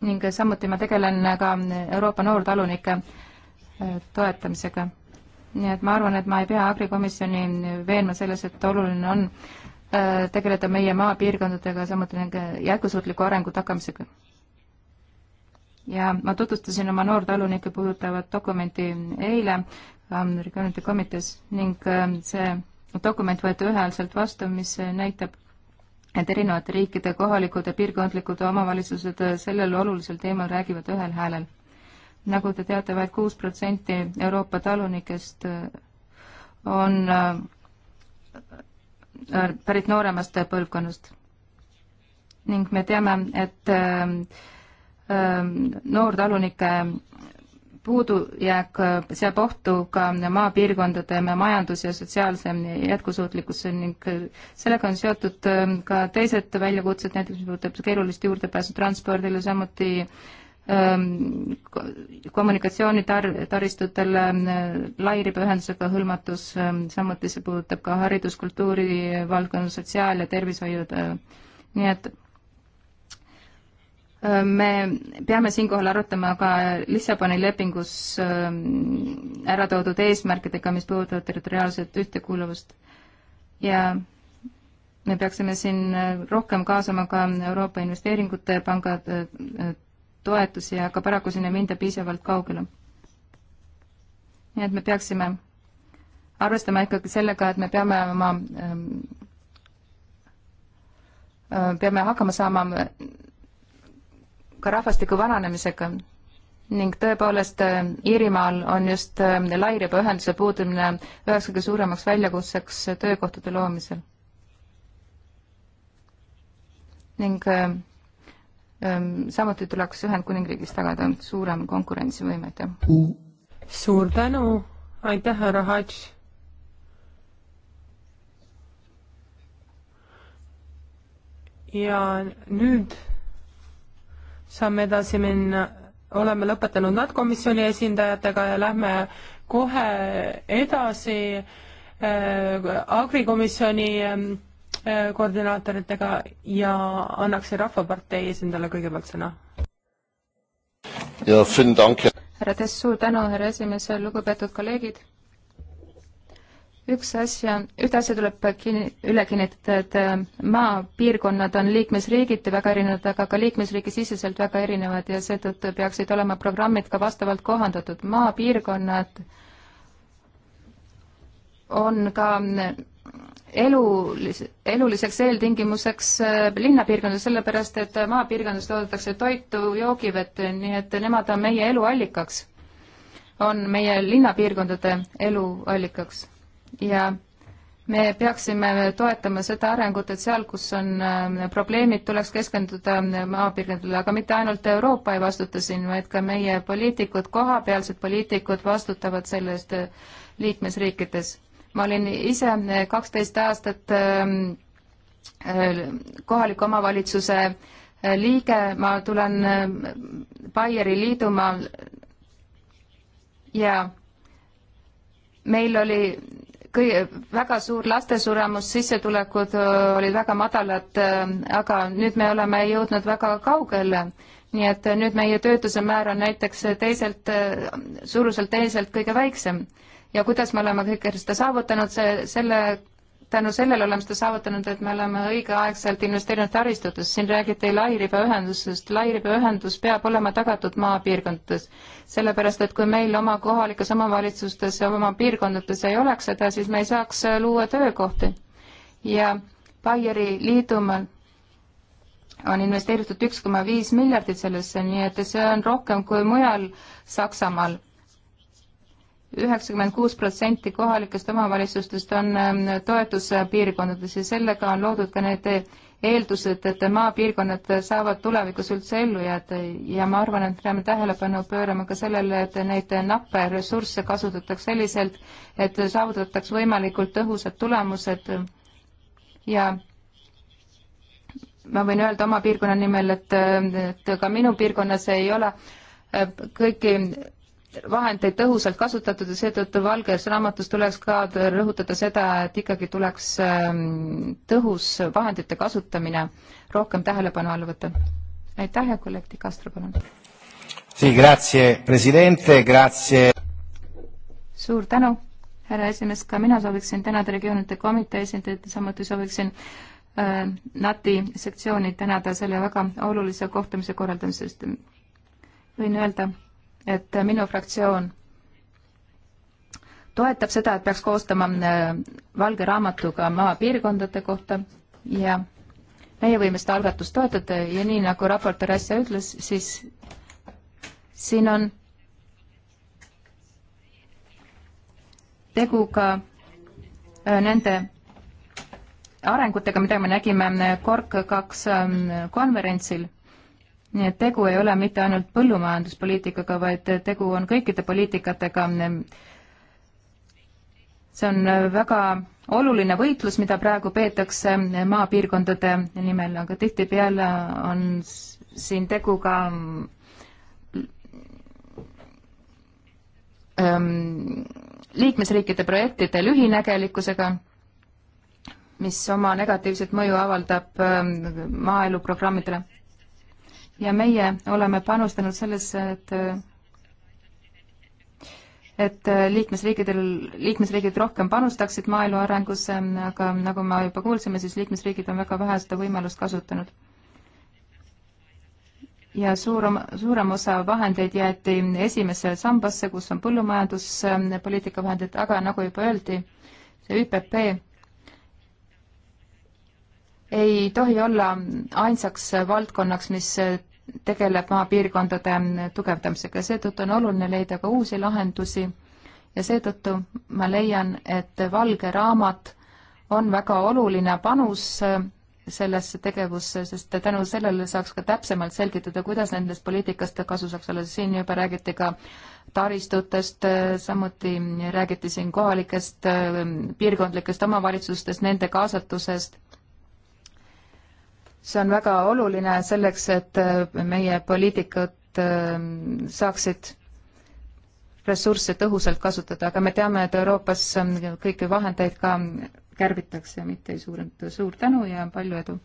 ning samuti ma tegelen ka Euroopa noortalunike äh, toetamisega. nii et ma arvan, et ma ei pea agrikomisjoni veenma selles, et oluline on äh, tegeleda meie maapiirkondadega, samuti nende jätkusuutliku arengu tagamisega. ja ma tutvustasin oma noortalunikke puudutavat dokumenti eile ähm, regionaalide komitees ning äh, see dokument võeti ühehäälselt vastu, mis näitab, et erinevate riikide kohalikud ja piirkondlikud omavalitsused sellel olulisel teemal räägivad ühel häälel. nagu te teate vaid, vaid kuus protsenti Euroopa talunikest on äh, pärit nooremast põlvkonnast. ning me teame, et äh, äh, noortalunike puudujääk seab ohtu ka maapiirkondade majandus- ja sotsiaalse jätkusuutlikkuse ning sellega on seotud ka teised väljakutsed, näiteks mis puudutab keerulist juurdepääsu transpordile, samuti ähm, kommunikatsiooni tar-, taristutele, lairibaühendusega hõlmatus, ähm, samuti see puudutab ka haridus, kultuuri valdkonna, sotsiaal- ja tervishoiu, äh, nii et me peame siinkohal arutama ka Lissaboni lepingus ähm, ära toodud eesmärkidega, mis puudutavad territoriaalset ühtekuuluvust. ja me peaksime siin äh, rohkem kaasama ka Euroopa Investeeringute Panga äh, äh, toetusi, aga paraku siin ei minda piisavalt kaugele. nii et me peaksime arvestama ikkagi sellega, et me peame oma, ähm, peame hakkama saama ka rahvastiku vananemisega ning tõepoolest äh, Iirimaal on just äh, lairibaühenduse puudumine üheks kõige suuremaks väljakutseks töökohtade loomisel. ning äh, ähm, samuti tuleks Ühendkuningriigis tagada suurem konkurentsivõime, aitäh. suur tänu, aitäh, härra Hadž. ja nüüd saame edasi minna, oleme lõpetanud nad komisjoni esindajatega ja lähme kohe edasi äh, agrikomisjoni ähm, äh, koordinaatoritega ja annaksin Rahvapartei esindajale kõigepealt sõna. härra Tess, suur tänu, härra esimees, lugupeetud kolleegid üks asja, ühte asja tuleb kinni, üle kinnitada, et äh, maapiirkonnad on liikmesriigiti väga erinevad, aga ka liikmesriigi siseselt väga erinevad ja seetõttu peaksid olema programmid ka vastavalt kohandatud. maapiirkonnad on ka äh, elulis-, eluliseks eeltingimuseks äh, linnapiirkondades, sellepärast et maapiirkondades toodetakse toitu, joogivett, nii et nemad on meie eluallikaks, on meie linnapiirkondade eluallikaks ja me peaksime toetama seda arengut, et seal, kus on äh, probleemid, tuleks keskenduda äh, maapiirkondadele, aga mitte ainult Euroopa ei vastuta siin, vaid ka meie poliitikud, kohapealsed poliitikud vastutavad selle eest äh, liikmesriikides. ma olin ise kaksteist aastat ähm, kohaliku omavalitsuse liige, ma tulen Baieri liidumaal ja meil oli kõi-, väga suur lastesuremus, sissetulekud olid väga madalad, aga nüüd me oleme jõudnud väga kaugele. nii et nüüd meie töötuse määr on näiteks teiselt, suuruselt teiselt kõige väiksem. ja kuidas me oleme kõike seda saavutanud, see, selle tänu sellele oleme seda saavutanud, et me oleme õigeaegselt investeerinud taristutesse, siin räägiti lairibaühendusest, lairibaühendus peab olema tagatud maapiirkondades. sellepärast, et kui meil oma kohalikes omavalitsustes ja oma piirkondades ei oleks seda, siis me ei saaks luua töökohti. ja Baieri liidumaal on investeeritud üks koma viis miljardit sellesse, nii et see on rohkem kui mujal Saksamaal üheksakümmend kuus protsenti kohalikest omavalitsustest on ähm, toetuspiirkondades ja sellega on loodud ka need eeldused, et maapiirkonnad saavad tulevikus üldse ellu jääda ja ma arvan, et peame tähelepanu pöörama ka sellele, et neid nappe ressursse kasutatakse selliselt, et saavutataks võimalikult tõhusad tulemused ja ma võin öelda oma piirkonna nimel, et, et ka minu piirkonnas ei ole äh, kõiki vahendeid tõhusalt kasutatud ja seetõttu Valges raamatus tuleks ka rõhutada seda, et ikkagi tuleks ähm, tõhus vahendite kasutamine rohkem tähelepanu alla võtta. aitäh ja kolleeg Di Castro, palun. Sì, grazie Presidente, grazie. suur tänu, härra esimees, ka mina sooviksin tänada regioonide komitee esindajat ja samuti sooviksin äh, NATI sektsiooni tänada selle väga olulise kohtumise korraldamisest. võin öelda et minu fraktsioon toetab seda, et peaks koostama äh, valge raamatu ka maapiirkondade kohta ja meie võime seda algatust toetada ja nii, nagu raportöör äsja ütles, siis siin on tegu ka äh, nende arengutega, mida me nägime äh, KORK kaks konverentsil nii et tegu ei ole mitte ainult põllumajanduspoliitikaga, vaid tegu on kõikide poliitikatega. see on väga oluline võitlus, mida praegu peetakse maapiirkondade nimel, aga tihtipeale on siin tegu ka ähm, liikmesriikide projektide lühinägelikkusega mis oma negatiivset mõju avaldab ähm, maaeluprogrammidele ja meie oleme panustanud sellesse, et et liikmesriikidel, liikmesriigid rohkem panustaksid maaelu arengusse, aga nagu me juba kuulsime, siis liikmesriigid on väga vähe seda võimalust kasutanud. ja suurem, suurem osa vahendeid jäeti esimesse sambasse, kus on põllumajanduspoliitika vahendid, aga nagu juba öeldi, see ÜPP ei tohi olla ainsaks valdkonnaks, mis tegeleb maapiirkondade tugevdamisega, seetõttu on oluline leida ka uusi lahendusi ja seetõttu ma leian, et valge raamat on väga oluline panus sellesse tegevusse, sest tänu sellele saaks ka täpsemalt selgitada, kuidas nendest poliitikast kasu saaks olla, siin juba räägiti ka taristutest, samuti räägiti siin kohalikest piirkondlikest omavalitsustest, nende kaasatusest see on väga oluline selleks, et äh, meie poliitikud äh, saaksid ressursse tõhusalt kasutada, aga me teame, et Euroopas ähm, kõiki vahendeid ka kärbitakse, mitte ei suurendata. suur tänu ja palju edu!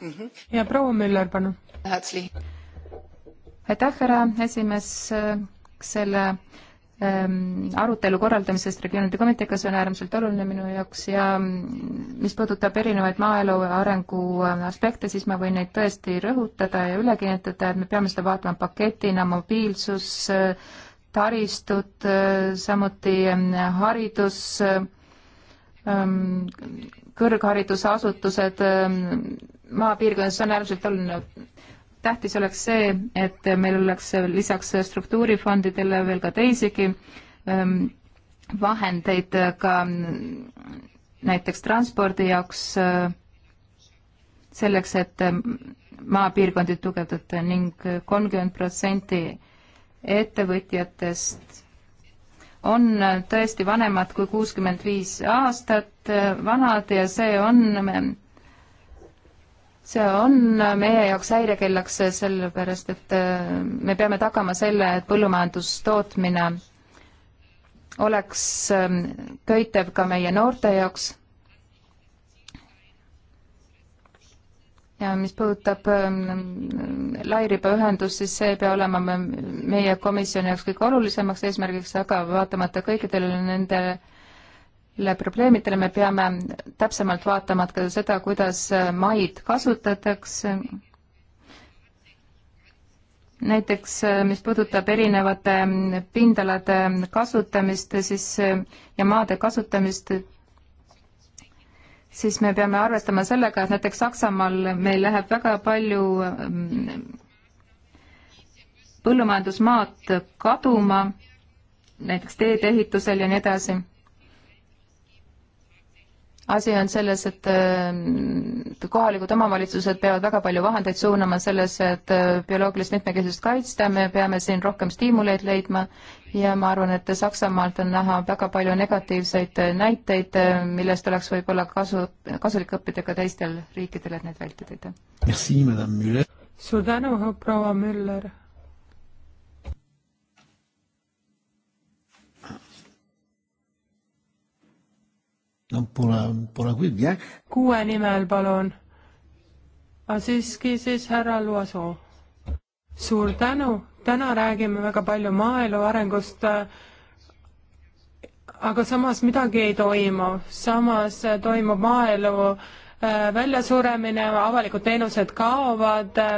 Mhm. ja proua Müller, palun! aitäh, härra esimees, äh, selle Ehm, arutelu korraldamisest regioonide komiteekas on äärmiselt oluline minu jaoks ja mm, mis puudutab erinevaid maaelu arengu äh, aspekte, siis ma võin neid tõesti rõhutada ja üle kinnitada, et me peame seda vaatama paketina, mobiilsus, äh, taristud, äh, samuti mm, haridus, mm, kõrgharidusasutused maapiirkondades, see on äärmiselt oluline tähtis oleks see, et meil oleks lisaks struktuurifondidele veel ka teisigi ähm, vahendeid ka näiteks transpordi jaoks äh, selleks, et ähm, maapiirkondi tugevdada ning kolmkümmend protsenti ettevõtjatest on tõesti vanemad kui kuuskümmend viis aastat äh, vanad ja see on ähm, see on meie jaoks häirekellaks, sellepärast et äh, me peame tagama selle, et põllumajandustootmine oleks ähm, köitev ka meie noorte jaoks. ja mis puudutab ähm, lairibaühendust, siis see ei pea olema meie komisjoni jaoks kõige olulisemaks eesmärgiks, aga vaatamata kõikidele nendele probleemidele me peame täpsemalt vaatama ka seda, kuidas maid kasutatakse. näiteks mis puudutab erinevate pindalade kasutamist siis ja maade kasutamist, siis me peame arvestama sellega, et näiteks Saksamaal meil läheb väga palju mm, põllumajandusmaad kaduma, näiteks teede ehitusel ja nii edasi asi on selles, et äh, kohalikud omavalitsused peavad väga palju vahendeid suunama sellesse, et äh, bioloogilist mitmekesisust kaitsta, me peame siin rohkem stiimuleid leidma ja ma arvan, et Saksamaalt on näha väga palju negatiivseid äh, näiteid, millest oleks võib-olla kasu, kasulik õppida ka teistel riikidel, et neid vältida. suur tänu, proua Müller! no pole, pole kuigi, jah. kuue nimel, palun. aga siiski siis härra Luasoo. suur tänu, täna räägime väga palju maaelu arengust, äh, aga samas midagi ei toimu, samas toimub maaelu äh, Äh, väljasuremine, avalikud teenused kaovad, äh,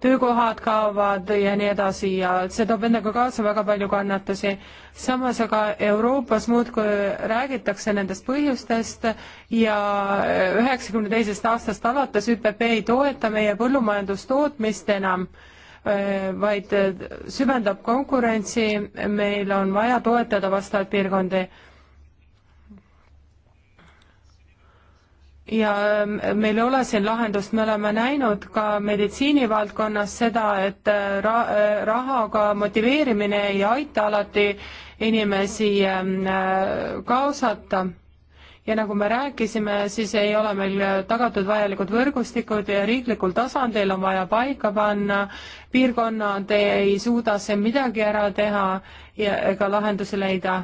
töökohad kaovad ja nii edasi ja see toob endaga kaasa väga palju kannatusi. samas aga Euroopas muudkui räägitakse nendest põhjustest ja äh, üheksakümne teisest aastast alates ÜPP ei toeta meie põllumajandustootmist enam vaid süvendab konkurentsi, meil on vaja toetada vastavaid piirkondi ja ähm, meil ei ole siin lahendust, me oleme näinud ka meditsiinivaldkonnas seda, et äh, ra-, äh, rahaga motiveerimine ei aita alati inimesi ähm, äh, kaasata. ja nagu me rääkisime, siis ei ole meil tagatud vajalikud võrgustikud ja riiklikul tasandil on vaja paika panna, piirkonnad ei suuda siin midagi ära teha ja ega lahendusi leida.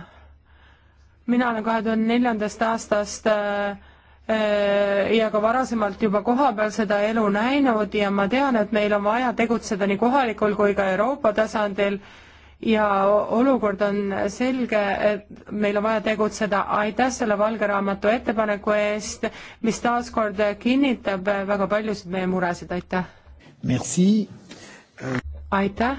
mina olen kahe tuhande neljandast aastast äh, Äh, ja ka varasemalt juba kohapeal seda elu näinud ja ma tean, et meil on vaja tegutseda nii kohalikul kui ka Euroopa tasandil ja olukord on selge, et meil on vaja tegutseda. aitäh selle valge raamatu ettepaneku eest, mis taaskord kinnitab väga paljusid meie muresid, aitäh! aitäh!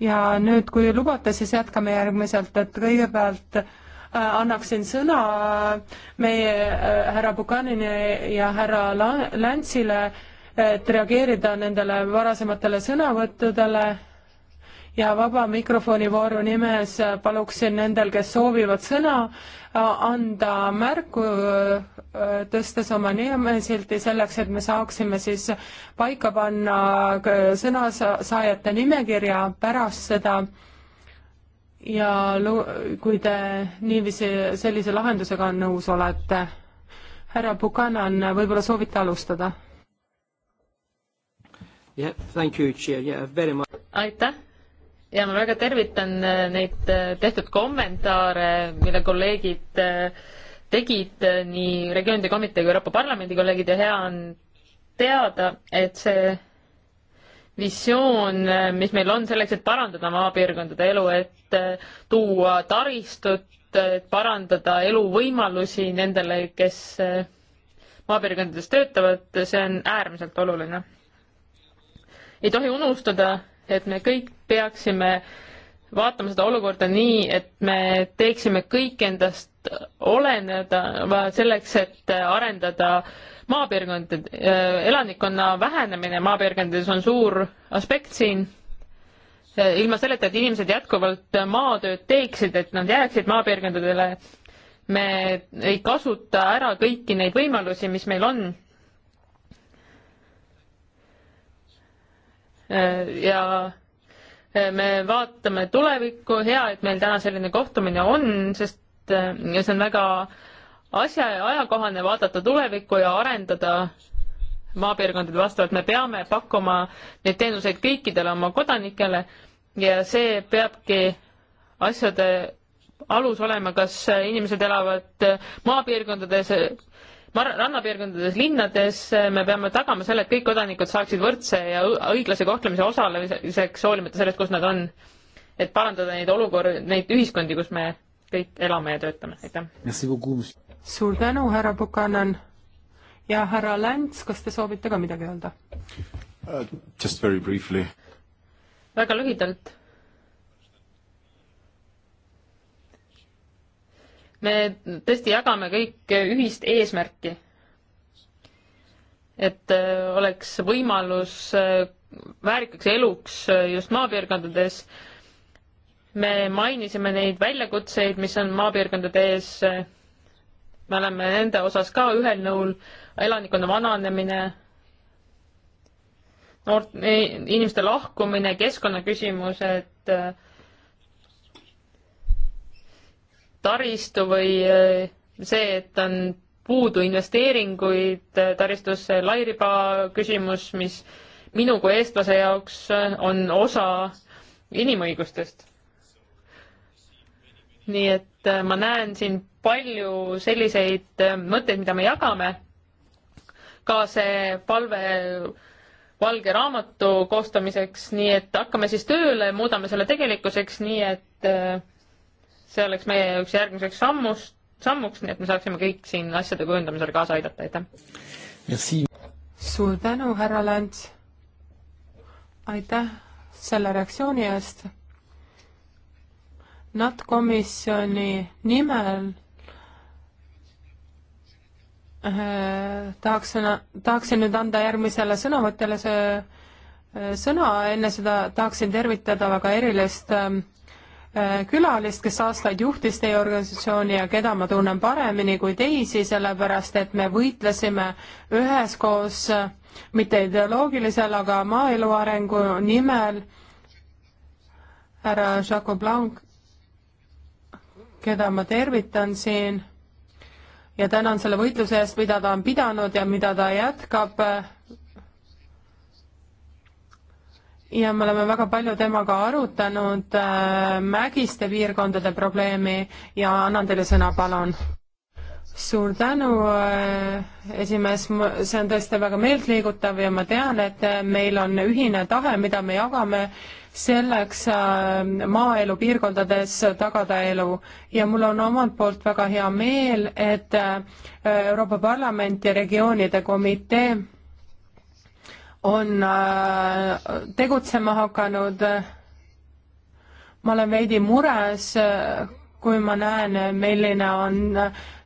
ja nüüd, kui lubate, siis jätkame järgmiselt, et kõigepealt äh, Äh, annaksin sõna äh, meie äh, härra Bukanini ja härra Lantsile, et reageerida nendele varasematele sõnavõttudele ja vaba mikrofoni vooru nimes paluksin nendel, kes soovivad sõna, anda märku, tõstes oma nimesilti selleks, et me saaksime siis paika panna sõnasaajate nimekirja pärast seda ja kui te niiviisi sellise lahendusega nõus olete, härra Buchanan, võib-olla soovite alustada? Yeah, thank you, Chair. Yeah, very much. aitäh ja ma väga tervitan äh, neid äh, tehtud kommentaare, mille kolleegid äh, tegid, nii regioonide komitee kui Euroopa Parlamendi kolleegid ja hea on teada, et see visioon, mis meil on selleks, et parandada maapiirkondade elu, et eh, tuua taristut, et parandada eluvõimalusi nendele, kes eh, maapiirkondades töötavad, see on äärmiselt oluline. ei tohi unustada, et me kõik peaksime vaatama seda olukorda nii, et me teeksime kõik endast oleneda selleks, et arendada maapiirkondade, äh, elanikkonna vähenemine maapiirkondades on suur aspekt siin. Äh, ilma selleta, et inimesed jätkuvalt maatööd teeksid, et nad jääksid maapiirkondadele, me ei kasuta ära kõiki neid võimalusi, mis meil on. Äh, ja me vaatame tulevikku, hea, et meil täna selline kohtumine on, sest et äh, see on väga asja ja ajakohane vaadata tulevikku ja arendada maapiirkondade vastavalt, me peame pakkuma neid teenuseid kõikidele oma kodanikele ja see peabki asjade alus olema, kas inimesed elavad maapiirkondades, rannapiirkondades, linnades, me peame tagama selle, et kõik kodanikud saaksid võrdse ja õiglase kohtlemise osalemiseks, hoolimata sellest, kus nad on. et parandada neid olukordi, neid ühiskondi, kus me kõik elame ja töötame, aitäh! suur tänu, härra Bukanan! ja härra Länts, kas te soovite ka midagi öelda uh,? Just very briefly. väga lühidalt. me tõesti jagame kõik ühist eesmärki. et äh, oleks võimalus äh, väärikaks eluks äh, just maapiirkondades me mainisime neid väljakutseid, mis on maapiirkondade ees. me oleme nende osas ka ühel nõul, elanikkonna vananemine, noort, inimeste lahkumine, keskkonnaküsimused, taristu või eh, see, et on puudu investeeringuid eh, taristusse, lairiba küsimus, mis minu kui eestlase jaoks on osa inimõigustest nii et äh, ma näen siin palju selliseid äh, mõtteid, mida me jagame. ka see palve valge raamatu koostamiseks, nii et hakkame siis tööle, muudame selle tegelikkuseks, nii et äh, see oleks meie üks järgmiseks sammust, sammuks, nii et me saaksime kõik siin asjade kujundamisel kaasa aidata, aitäh. suur tänu, härra Länts. aitäh selle reaktsiooni eest NAT-komisjoni nimel äh, tahaksin, tahaksin nüüd anda järgmisele sõnavõtjale see äh, sõna, enne seda tahaksin tervitada väga erilist ähm, äh, külalist, kes aastaid juhtis teie organisatsiooni ja keda ma tunnen paremini kui teisi, sellepärast et me võitlesime üheskoos mitte ideoloogilisel, aga maaelu arengu nimel härra Jaco Blanc keda ma tervitan siin ja tänan selle võitluse eest, mida ta on pidanud ja mida ta jätkab. ja me oleme väga palju temaga arutanud äh, mägiste piirkondade probleemi ja annan teile sõna, palun. suur tänu äh,, esimees, see on tõesti väga meeltliigutav ja ma tean, et meil on ühine tahe, mida me jagame äh, selleks äh, maaelu piirkondades tagada elu ja mul on omalt poolt väga hea meel, et äh, Euroopa Parlament ja regioonide komitee on äh, tegutsema hakanud. ma olen veidi mures, kui ma näen, milline on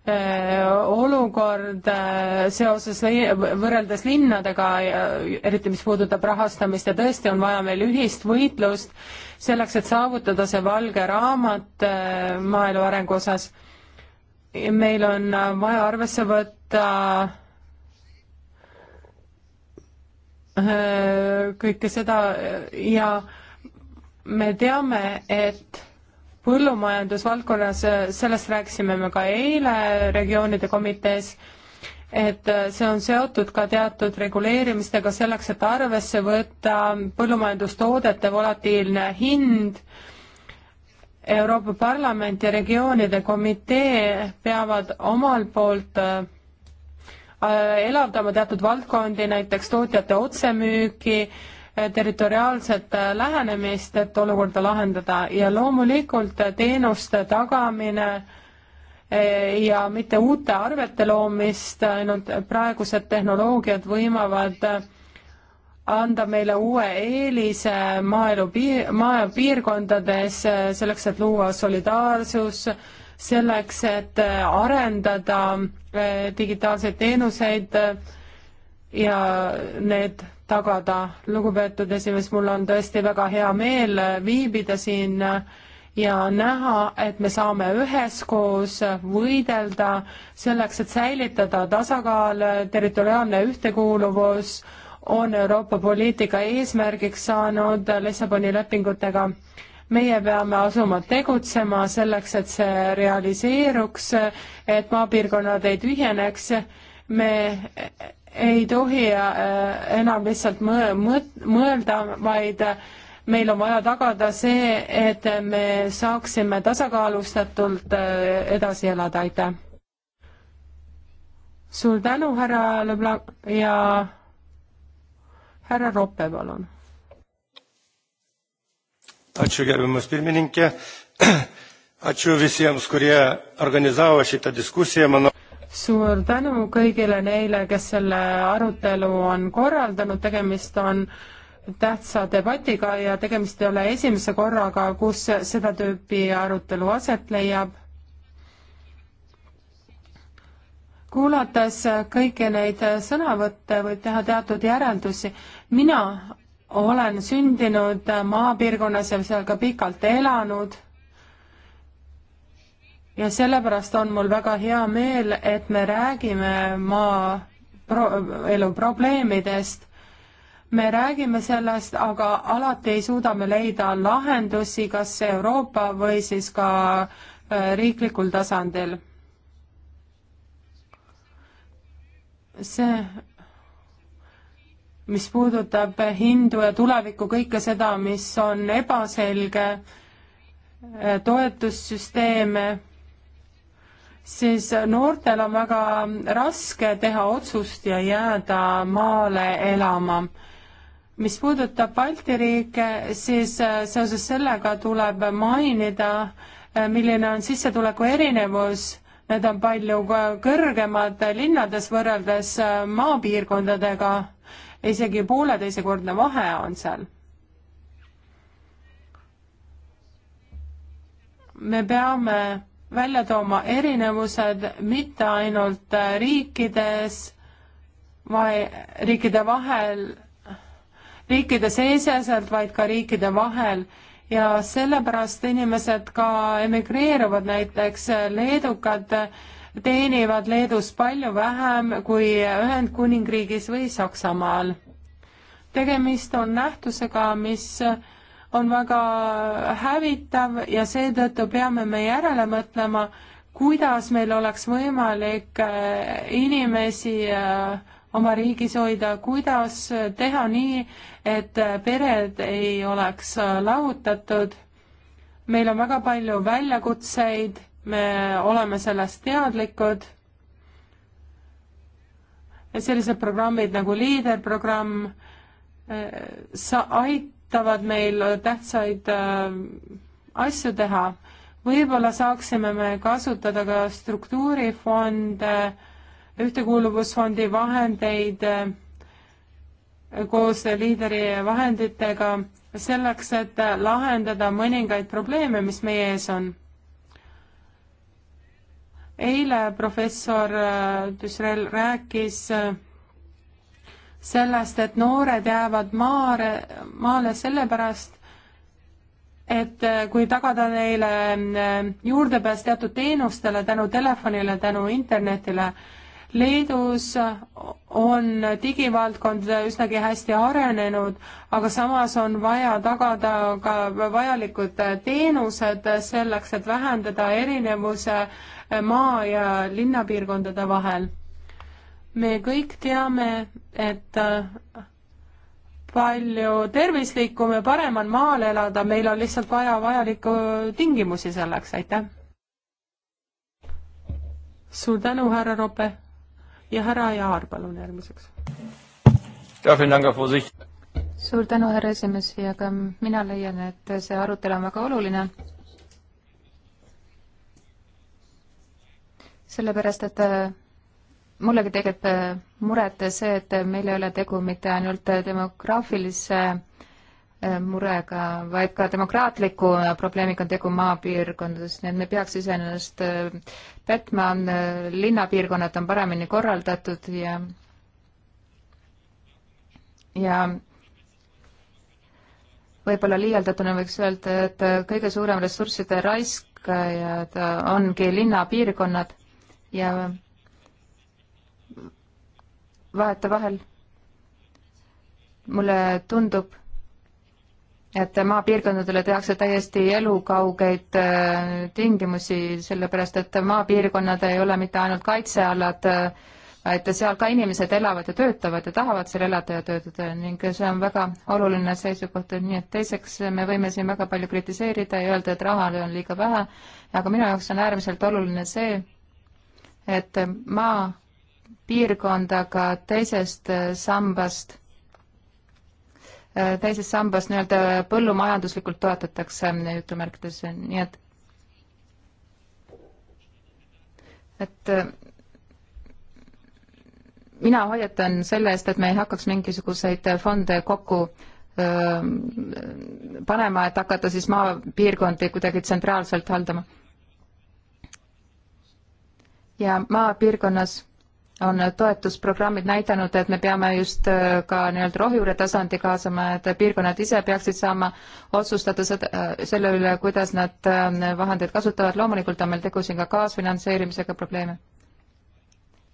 Äh, olukord äh, seoses võrreldes linnadega, eriti mis puudutab rahastamist ja tõesti on vaja meil ühist võitlust selleks, et saavutada see valge raamat äh, maaelu arengu osas. meil on vaja arvesse võtta kõike seda ja me teame, et põllumajandusvaldkonnas, sellest rääkisime me ka eile regioonide komitees, et see on seotud ka teatud reguleerimistega selleks, et arvesse võtta põllumajandustoodete volatiilne hind. Euroopa Parlament ja regioonide komitee peavad omalt poolt äh, elavdama teatud valdkondi, näiteks tootjate otsemüüki, territoriaalset äh, lähenemist, et olukorda lahendada ja loomulikult äh, teenuste tagamine äh, ja mitte uute arvete loomist, ainult praegused tehnoloogiad võimavad anda meile uue eelise maaelu piir, maapiirkondades selleks, et luua solidaarsus, selleks, et arendada digitaalseid teenuseid ja need tagada. lugupeetud esimees, mul on tõesti väga hea meel viibida siin ja näha, et me saame üheskoos võidelda selleks, et säilitada tasakaal, territoriaalne ühtekuuluvus on Euroopa poliitika eesmärgiks saanud Lissaboni lepingutega meie peame asuma tegutsema selleks, et see realiseeruks, et maapiirkonnad ei tühjeneks. me ei tohi äh, enam lihtsalt mõelda, vaid äh, meil on vaja tagada see, et me saaksime tasakaalustatult äh, edasi elada, aitäh. suur tänu, härra Leblanc ja härra Roppe, palun. Ačiū gerbiamas pirmininkė, ačiū visiems, kurie organizavo šitą diskusiją, manau suur tänu kõigile neile, kes selle arutelu on korraldanud, tegemist on tähtsa debatiga ja tegemist ei ole esimese korraga, kus seda tüüpi arutelu aset leiab. kuulates kõiki neid sõnavõtte, võib teha teatud järeldusi. mina olen sündinud maapiirkonnas ja seal ka pikalt elanud ja sellepärast on mul väga hea meel, et me räägime maaelu probleemidest. me räägime sellest, aga alati ei suuda me leida lahendusi, kas Euroopa või siis ka äh, riiklikul tasandil. see, mis puudutab hindu ja tulevikku, kõike seda, mis on ebaselge, äh, toetussüsteeme siis noortel on väga raske teha otsust ja jääda maale elama. mis puudutab Balti riike, siis äh, seoses sellega tuleb mainida, äh, milline on sissetuleku erinevus, need on palju kõrgemad linnades võrreldes äh, maapiirkondadega, isegi pooleteisekordne vahe on seal me peame välja tooma erinevused mitte ainult äh, riikides, riikide vahel, riikide seeseselt, vaid ka riikide vahel ja sellepärast inimesed ka emigreeruvad, näiteks äh, leedukad äh, teenivad Leedus palju vähem kui Ühendkuningriigis või Saksamaal. tegemist on nähtusega, mis on väga hävitav ja seetõttu peame me järele mõtlema, kuidas meil oleks võimalik äh, inimesi äh, oma riigis hoida, kuidas teha nii, et äh, pered ei oleks lahutatud. meil on väga palju väljakutseid, me oleme sellest teadlikud. sellised programmid nagu Leader programm sa-, ait-, aitavad meil tähtsaid äh, asju teha. võib-olla saaksime me kasutada ka struktuurifonde, ühtekuuluvusfondi vahendeid äh, koos liideri vahenditega selleks, et lahendada mõningaid probleeme, mis meie ees on. eile professor äh, Düsrel rääkis sellest, et noored jäävad maare, maale sellepärast, et eh, kui tagada neile eh, juurdepääs teatud teenustele tänu telefonile, tänu internetile, Leedus on digivaldkond üsnagi hästi arenenud, aga samas on vaja tagada ka vajalikud teenused selleks, et vähendada erinevuse eh, maa- ja linnapiirkondade vahel me kõik teame, et äh, palju tervislikum ja parem on maal elada, meil on lihtsalt vaja vajalikku tingimusi selleks, aitäh. suur tänu, härra Rope ja härra Jaar, palun järgmiseks. suur tänu, härra esimees, ja ka mina leian, et see arutelu on väga oluline. sellepärast, et äh, mullegi teeb äh, muret see, et meil ei ole tegu mitte ainult äh, demograafilise äh, murega, vaid ka demokraatliku probleemiga on tegu maapiirkondades, nii et me peaks iseenesest petma, linnapiirkonnad on paremini korraldatud ja ja võib-olla liialdatuna võiks öelda, et kõige suurem ressursside raiskaja ongi linnapiirkonnad ja vahetevahel mulle tundub, et maapiirkondadele tehakse täiesti elukaugeid äh, tingimusi, sellepärast et maapiirkonnad ei ole mitte ainult kaitsealad, äh, vaid seal ka inimesed elavad ja töötavad ja tahavad seal elada ja töötada ning see on väga oluline seisukoht, nii et teiseks me võime siin väga palju kritiseerida ja öelda, et raha on liiga vähe, aga minu jaoks on äärmiselt oluline see, et maa piirkonda ka äh, äh, teisest sambast, teises sambas nii-öelda põllumajanduslikult toetatakse äh, jutumärkides, nii et et mina hoiatan selle eest, et me ei hakkaks mingisuguseid fonde kokku öö, panema, et hakata siis maapiirkondi kuidagi tsentraalselt haldama. ja maapiirkonnas on toetusprogrammid näidanud, et me peame just äh, ka nii-öelda rohujuure tasandi kaasama, et piirkonnad ise peaksid saama otsustada seda, äh, selle üle, kuidas nad äh, vahendeid kasutavad, loomulikult on meil tegu siin ka kaasfinantseerimisega probleeme.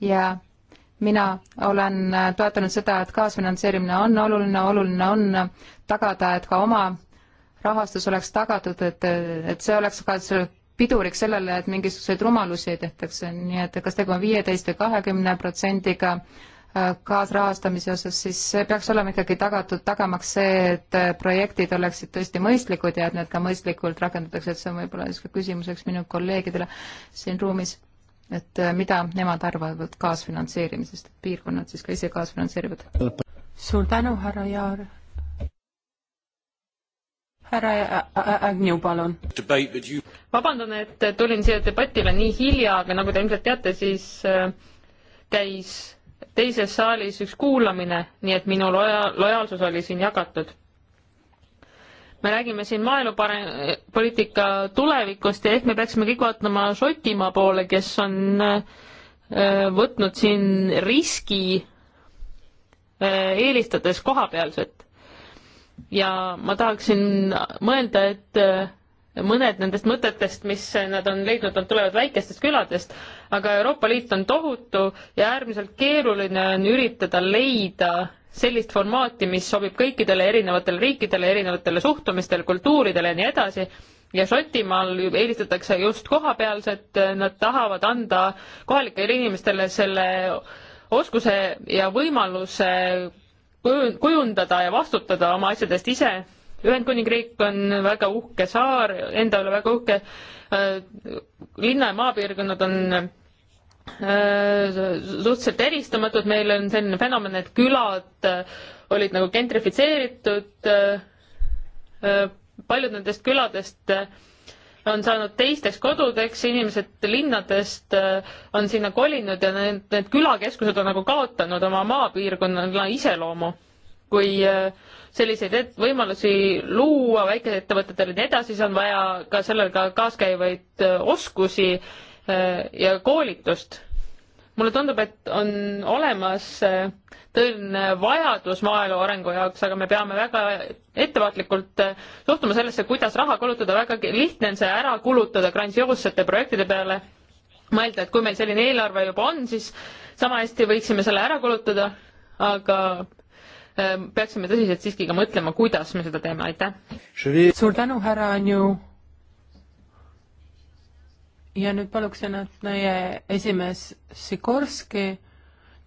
ja mina olen toetanud seda, et kaasfinantseerimine on oluline, oluline on tagada, et ka oma rahastus oleks tagatud, et, et see oleks ka piduriks sellele, et mingisuguseid rumalusi tehtakse, nii et kas tegu on viieteist või kahekümne protsendiga äh, kaasrahastamise osas, siis see peaks olema ikkagi tagatud, tagamaks see, et äh, projektid oleksid tõesti mõistlikud ja et need ka mõistlikult rakendatakse, et see on võib-olla niisugune küsimuseks minu kolleegidele siin ruumis, et äh, mida nemad arvavad kaasfinantseerimisest, et piirkonnad siis ka ise kaasfinantseerivad? suur tänu, härra Jaar härra Agnew, palun. vabandan, et tulin siia debatile nii hilja, aga nagu te ilmselt teate, siis äh, käis teises saalis üks kuulamine, nii et minu loja-, lojaalsus oli siin jagatud. me räägime siin maaelu pare-, poliitika tulevikust ja ehk me peaksime kõik vaatama Šotimaa poole, kes on äh, võtnud siin riski äh, eelistades kohapealset ja ma tahaksin mõelda, et äh, mõned nendest mõtetest, mis nad on leidnud, nad tulevad väikestest küladest, aga Euroopa Liit on tohutu ja äärmiselt keeruline on üritada leida sellist formaati, mis sobib kõikidele erinevatele riikidele, erinevatele suhtumistele, kultuuridele ja nii edasi, ja Šotimaal eelistatakse just kohapealset, äh, nad tahavad anda kohalikele inimestele selle oskuse ja võimaluse kujundada ja vastutada oma asjadest ise. Ühendkuningriik on väga uhke saar, enda üle väga uhke äh, linna ja maapiirkonnad on äh, suhteliselt eristamatud, meil on selline fenomen, et külad äh, olid nagu gentrifitseeritud, paljud nendest küladest äh, on saanud teisteks kodudeks, inimesed linnadest äh, on sinna kolinud ja need, need külakeskused on nagu kaotanud oma maapiirkonna iseloomu. kui äh, selliseid et, võimalusi luua väikeettevõtetele ja nii edasi, siis on vaja ka sellega kaaskäivaid äh, oskusi ja koolitust. mulle tundub, et on olemas äh, tõeline vajadus maaelu arengu jaoks, aga me peame väga ettevaatlikult äh, suhtuma sellesse, kuidas raha kulutada, väga lihtne on see ära kulutada grandioossete projektide peale, mõelda, et kui meil selline eelarve juba on, siis sama hästi võiksime selle ära kulutada, aga äh, peaksime tõsiselt siiski ka mõtlema, kuidas me seda teeme, aitäh. suur tänu, härra Anju. ja nüüd paluksin, et meie esimees Sikorski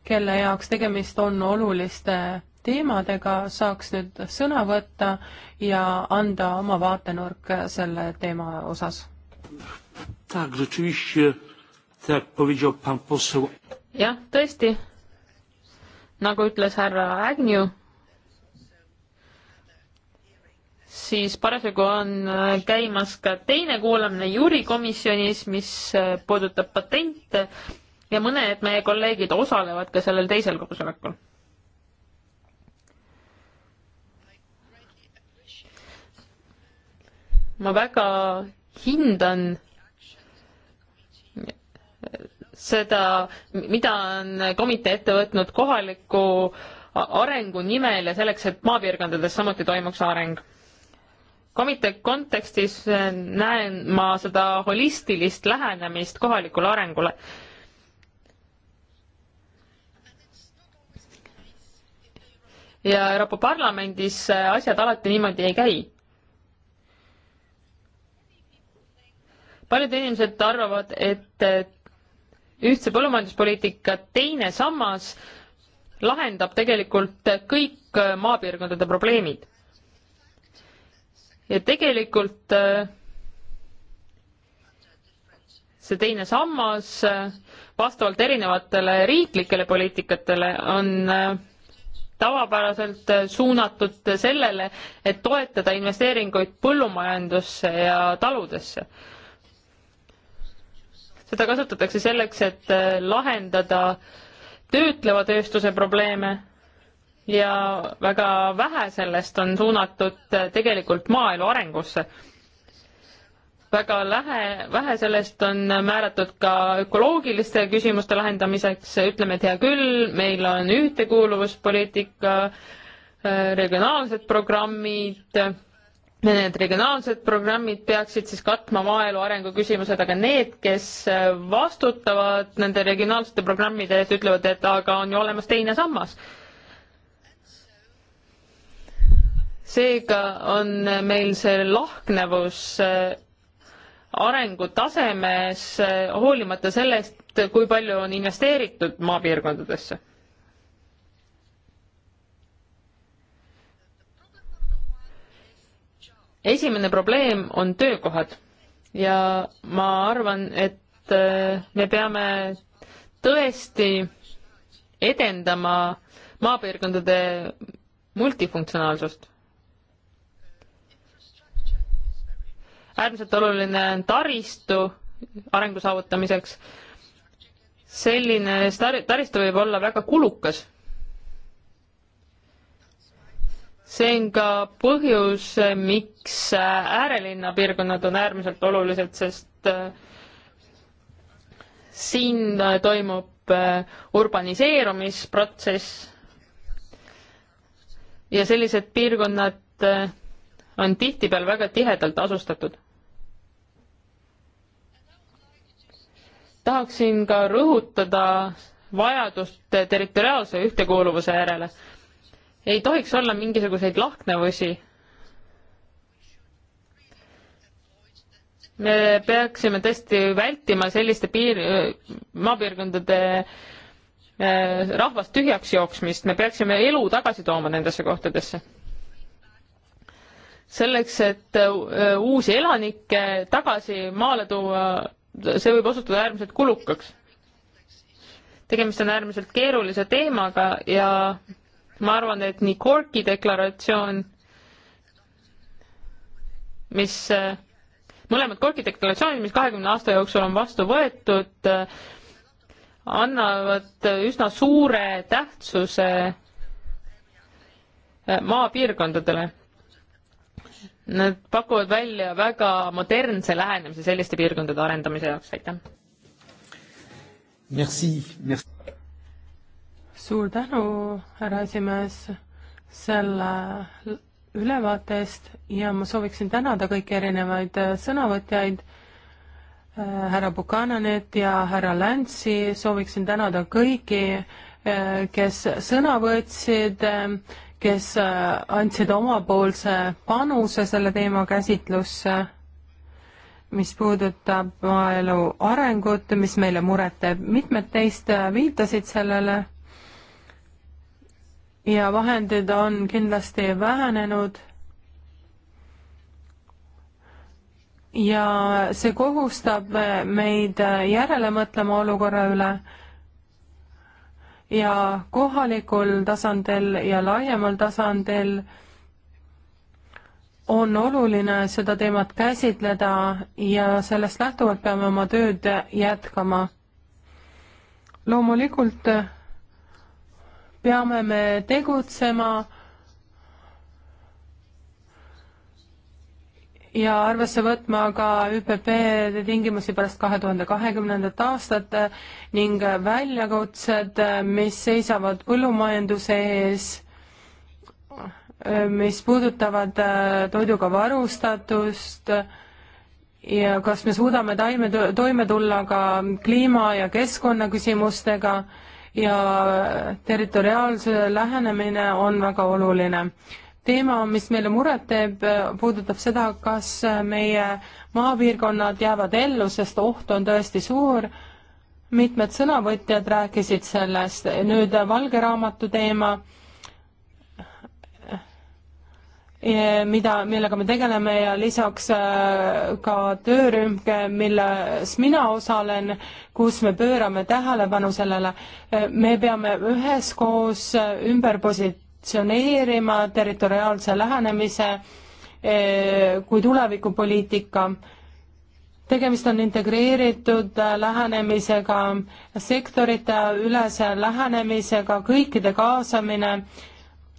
kelle jaoks tegemist on oluliste teemadega, saaks nüüd sõna võtta ja anda oma vaatenurk selle teema osas. jah, tõesti, nagu ütles härra Agnew, siis parasjagu on äh, käimas ka teine kuulamine juurikomisjonis, mis äh, puudutab patente ja mõned meie kolleegid osalevad ka sellel teisel koosolekul. ma väga hindan seda, mida on komitee ette võtnud kohaliku arengu nimel ja selleks, et maapiirkondades samuti toimuks areng. komitee kontekstis näen ma seda holistilist lähenemist kohalikule arengule ja Euroopa Parlamendis asjad alati niimoodi ei käi. paljud inimesed arvavad, et ühtse põllumajanduspoliitika teine sammas lahendab tegelikult kõik maapiirkondade probleemid. ja tegelikult äh, see teine sammas äh, vastavalt erinevatele riiklikele poliitikatele on äh, tavapäraselt äh, suunatud sellele, et toetada investeeringuid põllumajandusse ja taludesse. seda kasutatakse selleks, et äh, lahendada töötleva tööstuse probleeme ja väga vähe sellest on suunatud äh, tegelikult maaelu arengusse väga lähe, vähe sellest on määratud ka ökoloogiliste küsimuste lahendamiseks, ütleme, et hea küll, meil on ühtekuuluvuspoliitika, äh, regionaalsed programmid, need regionaalsed programmid peaksid siis katma maaelu arengu küsimused, aga need, kes äh, vastutavad nende regionaalsete programmide eest, ütlevad, et aga on ju olemas teine sammas seega on meil see lahknevus äh, arengutasemes, hoolimata sellest, kui palju on investeeritud maapiirkondadesse? esimene probleem on töökohad ja ma arvan, et äh, me peame tõesti edendama maapiirkondade multifunktsionaalsust äärmiselt oluline on taristu arengu saavutamiseks. selline taristu võib olla väga kulukas. see on ka põhjus, miks äärelinna piirkonnad on äärmiselt olulised, sest äh, siin toimub äh, urbaniseerumisprotsess ja sellised piirkonnad äh, on tihtipeale väga tihedalt asustatud. tahaksin ka rõhutada vajadust territoriaalse ühtekuuluvuse järele. ei tohiks olla mingisuguseid lahknevusi. me peaksime tõesti vältima selliste piir, maapiirkondade äh, rahvast tühjaks jooksmist, me peaksime elu tagasi tooma nendesse kohtadesse. selleks, et äh, uusi elanikke tagasi maale tuua see võib osutuda äärmiselt kulukaks. tegemist on äärmiselt keerulise teemaga ja ma arvan, et nii Corki deklaratsioon, mis, mõlemad Corki deklaratsioonid, mis kahekümne aasta jooksul on vastu võetud, annavad üsna suure tähtsuse maapiirkondadele Nad pakuvad välja väga modernse lähenemise selliste piirkondade arendamise jaoks, aitäh. Merci, merci. suur tänu, härra esimees, selle ülevaate eest ja ma sooviksin tänada kõiki erinevaid äh, sõnavõtjaid äh, härra Bukananit ja härra Läntsi, sooviksin tänada kõiki, äh, kes sõna võtsid, kes äh, andsid omapoolse panuse selle teema käsitlusse, mis puudutab maaelu arengut, mis meile muret teeb. mitmed teist äh, viitasid sellele ja vahendid on kindlasti vähenenud. ja see kohustab äh, meid järele mõtlema olukorra üle ja kohalikul tasandil ja laiemal tasandil on oluline seda teemat käsitleda ja sellest lähtuvalt peame oma tööd jätkama. loomulikult peame me tegutsema ja arvesse võtma ka ÜPP tingimusi pärast kahe tuhande kahekümnendat aastat ning väljakutsed, mis seisavad põllumajanduse ees, mis puudutavad äh, toiduga varustatust ja kas me suudame taime, toime tulla ka kliima- ja keskkonnaküsimustega ja territoriaalse lähenemine on väga oluline teema, mis meile muret teeb, puudutab seda, kas meie maapiirkonnad jäävad ellu, sest oht on tõesti suur. mitmed sõnavõtjad rääkisid sellest, nüüd valge raamatu teema, mida, millega me tegeleme ja lisaks äh, ka töörühm, milles mina osalen, kus me pöörame tähelepanu sellele. Äh, me peame üheskoos äh, ümber posi-, funktsioneerima territoriaalse lähenemise eh, kui tulevikupoliitika. tegemist on integreeritud eh, lähenemisega, sektorite ülese lähenemisega, kõikide kaasamine.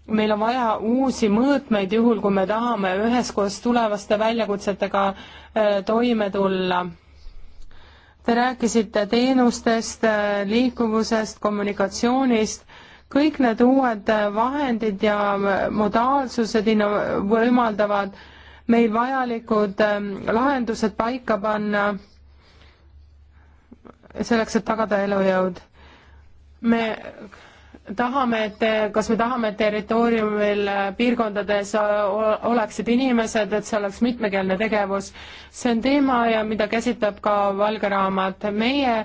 meil on vaja uusi mõõtmeid, juhul kui me tahame üheskoos tulevaste väljakutsetega eh, toime tulla Te rääkisite teenustest, liikuvusest, kommunikatsioonist kõik need uued vahendid ja modaalsused võimaldavad meil vajalikud ähm, lahendused paika panna selleks, et tagada elujõud. me tahame, et, kas me tahame, et territooriumil äh, piirkondades äh, oleksid inimesed, et see oleks mitmekeelne tegevus. see on teema ja mida käsitleb ka valge raamat. meie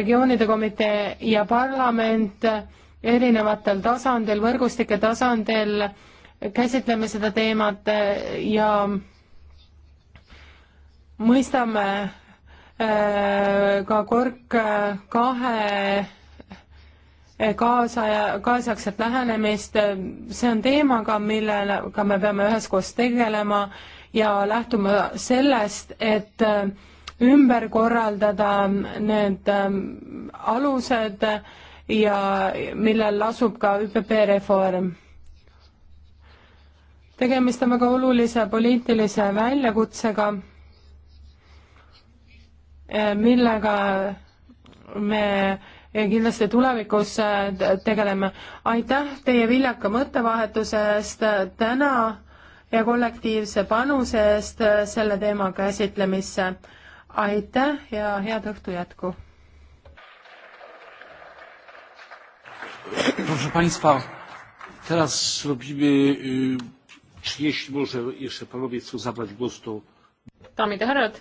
regioonide komitee ja parlament äh, erinevatel tasandil, võrgustike tasandil käsitleme seda teemat eh, ja mõistame eh, ka KORK eh, kahe kaasa, kaasaegset lähenemist, see on teemaga, millega me peame üheskoos tegelema ja lähtuma sellest, et ümber korraldada need alused, ja millel asub ka ÜPP reform. tegemist on väga olulise poliitilise väljakutsega, eh, millega me kindlasti tulevikus eh, tegeleme. aitäh teie viljaka mõttevahetuse eest täna ja kollektiivse panuse eest eh, selle teema käsitlemisse. aitäh ja head õhtu jätku! Proszę Państwa, teraz robimy, czy jeśli może jeszcze Panowie chcą zabrać głos, to... Daamid ja härrad,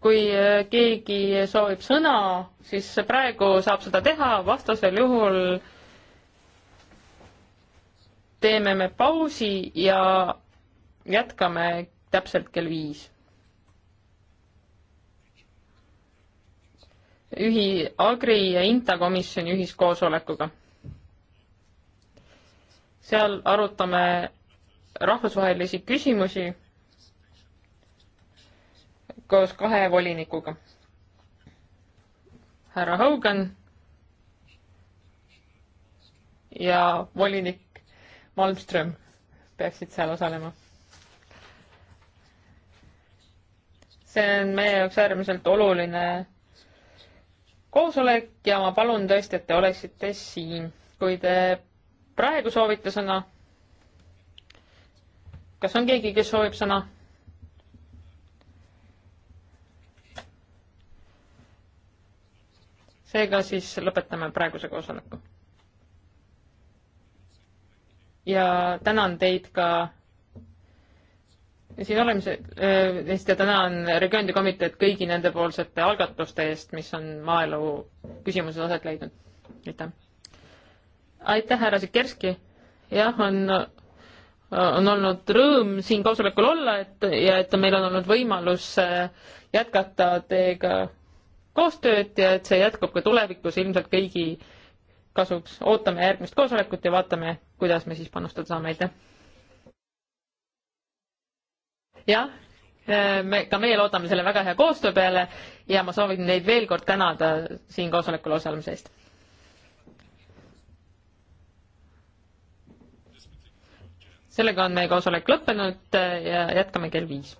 kui e, keegi soovib sõna, siis praegu saab seda teha, vastasel juhul teeme me pausi ja jätkame täpselt kell viis ühi-, Agri ja Inta komisjoni ühiskoosolekuga. seal arutame rahvusvahelisi küsimusi koos kahe volinikuga. härra Hogan ja volinik Malmström peaksid seal osalema. see on meie jaoks äärmiselt oluline koosolek ja ma palun tõesti, et te oleksite siin. kui te praegu soovite sõna, kas on keegi, kes soovib sõna? seega siis lõpetame praeguse koosoleku. ja tänan teid ka siin olemise eest äh, ja tänan regioonide komiteed kõigi nendepoolsete algatuste eest, mis on maaelu küsimuses aset leidnud. aitäh. aitäh, härra Sikerski. jah, on, on olnud rõõm siin koosolekul olla, et ja et meil on olnud võimalus äh, jätkata teiega koostööd ja et see jätkub ka tulevikus ilmselt kõigi kasuks. ootame järgmist koosolekut ja vaatame, kuidas me siis panustada saame, aitäh! jah, äh, me, ka meie loodame selle väga hea koostöö peale ja ma soovin neid veel kord tänada siin koosolekul osalemise eest. sellega on meie koosolek lõppenud äh, ja jätkame kell viis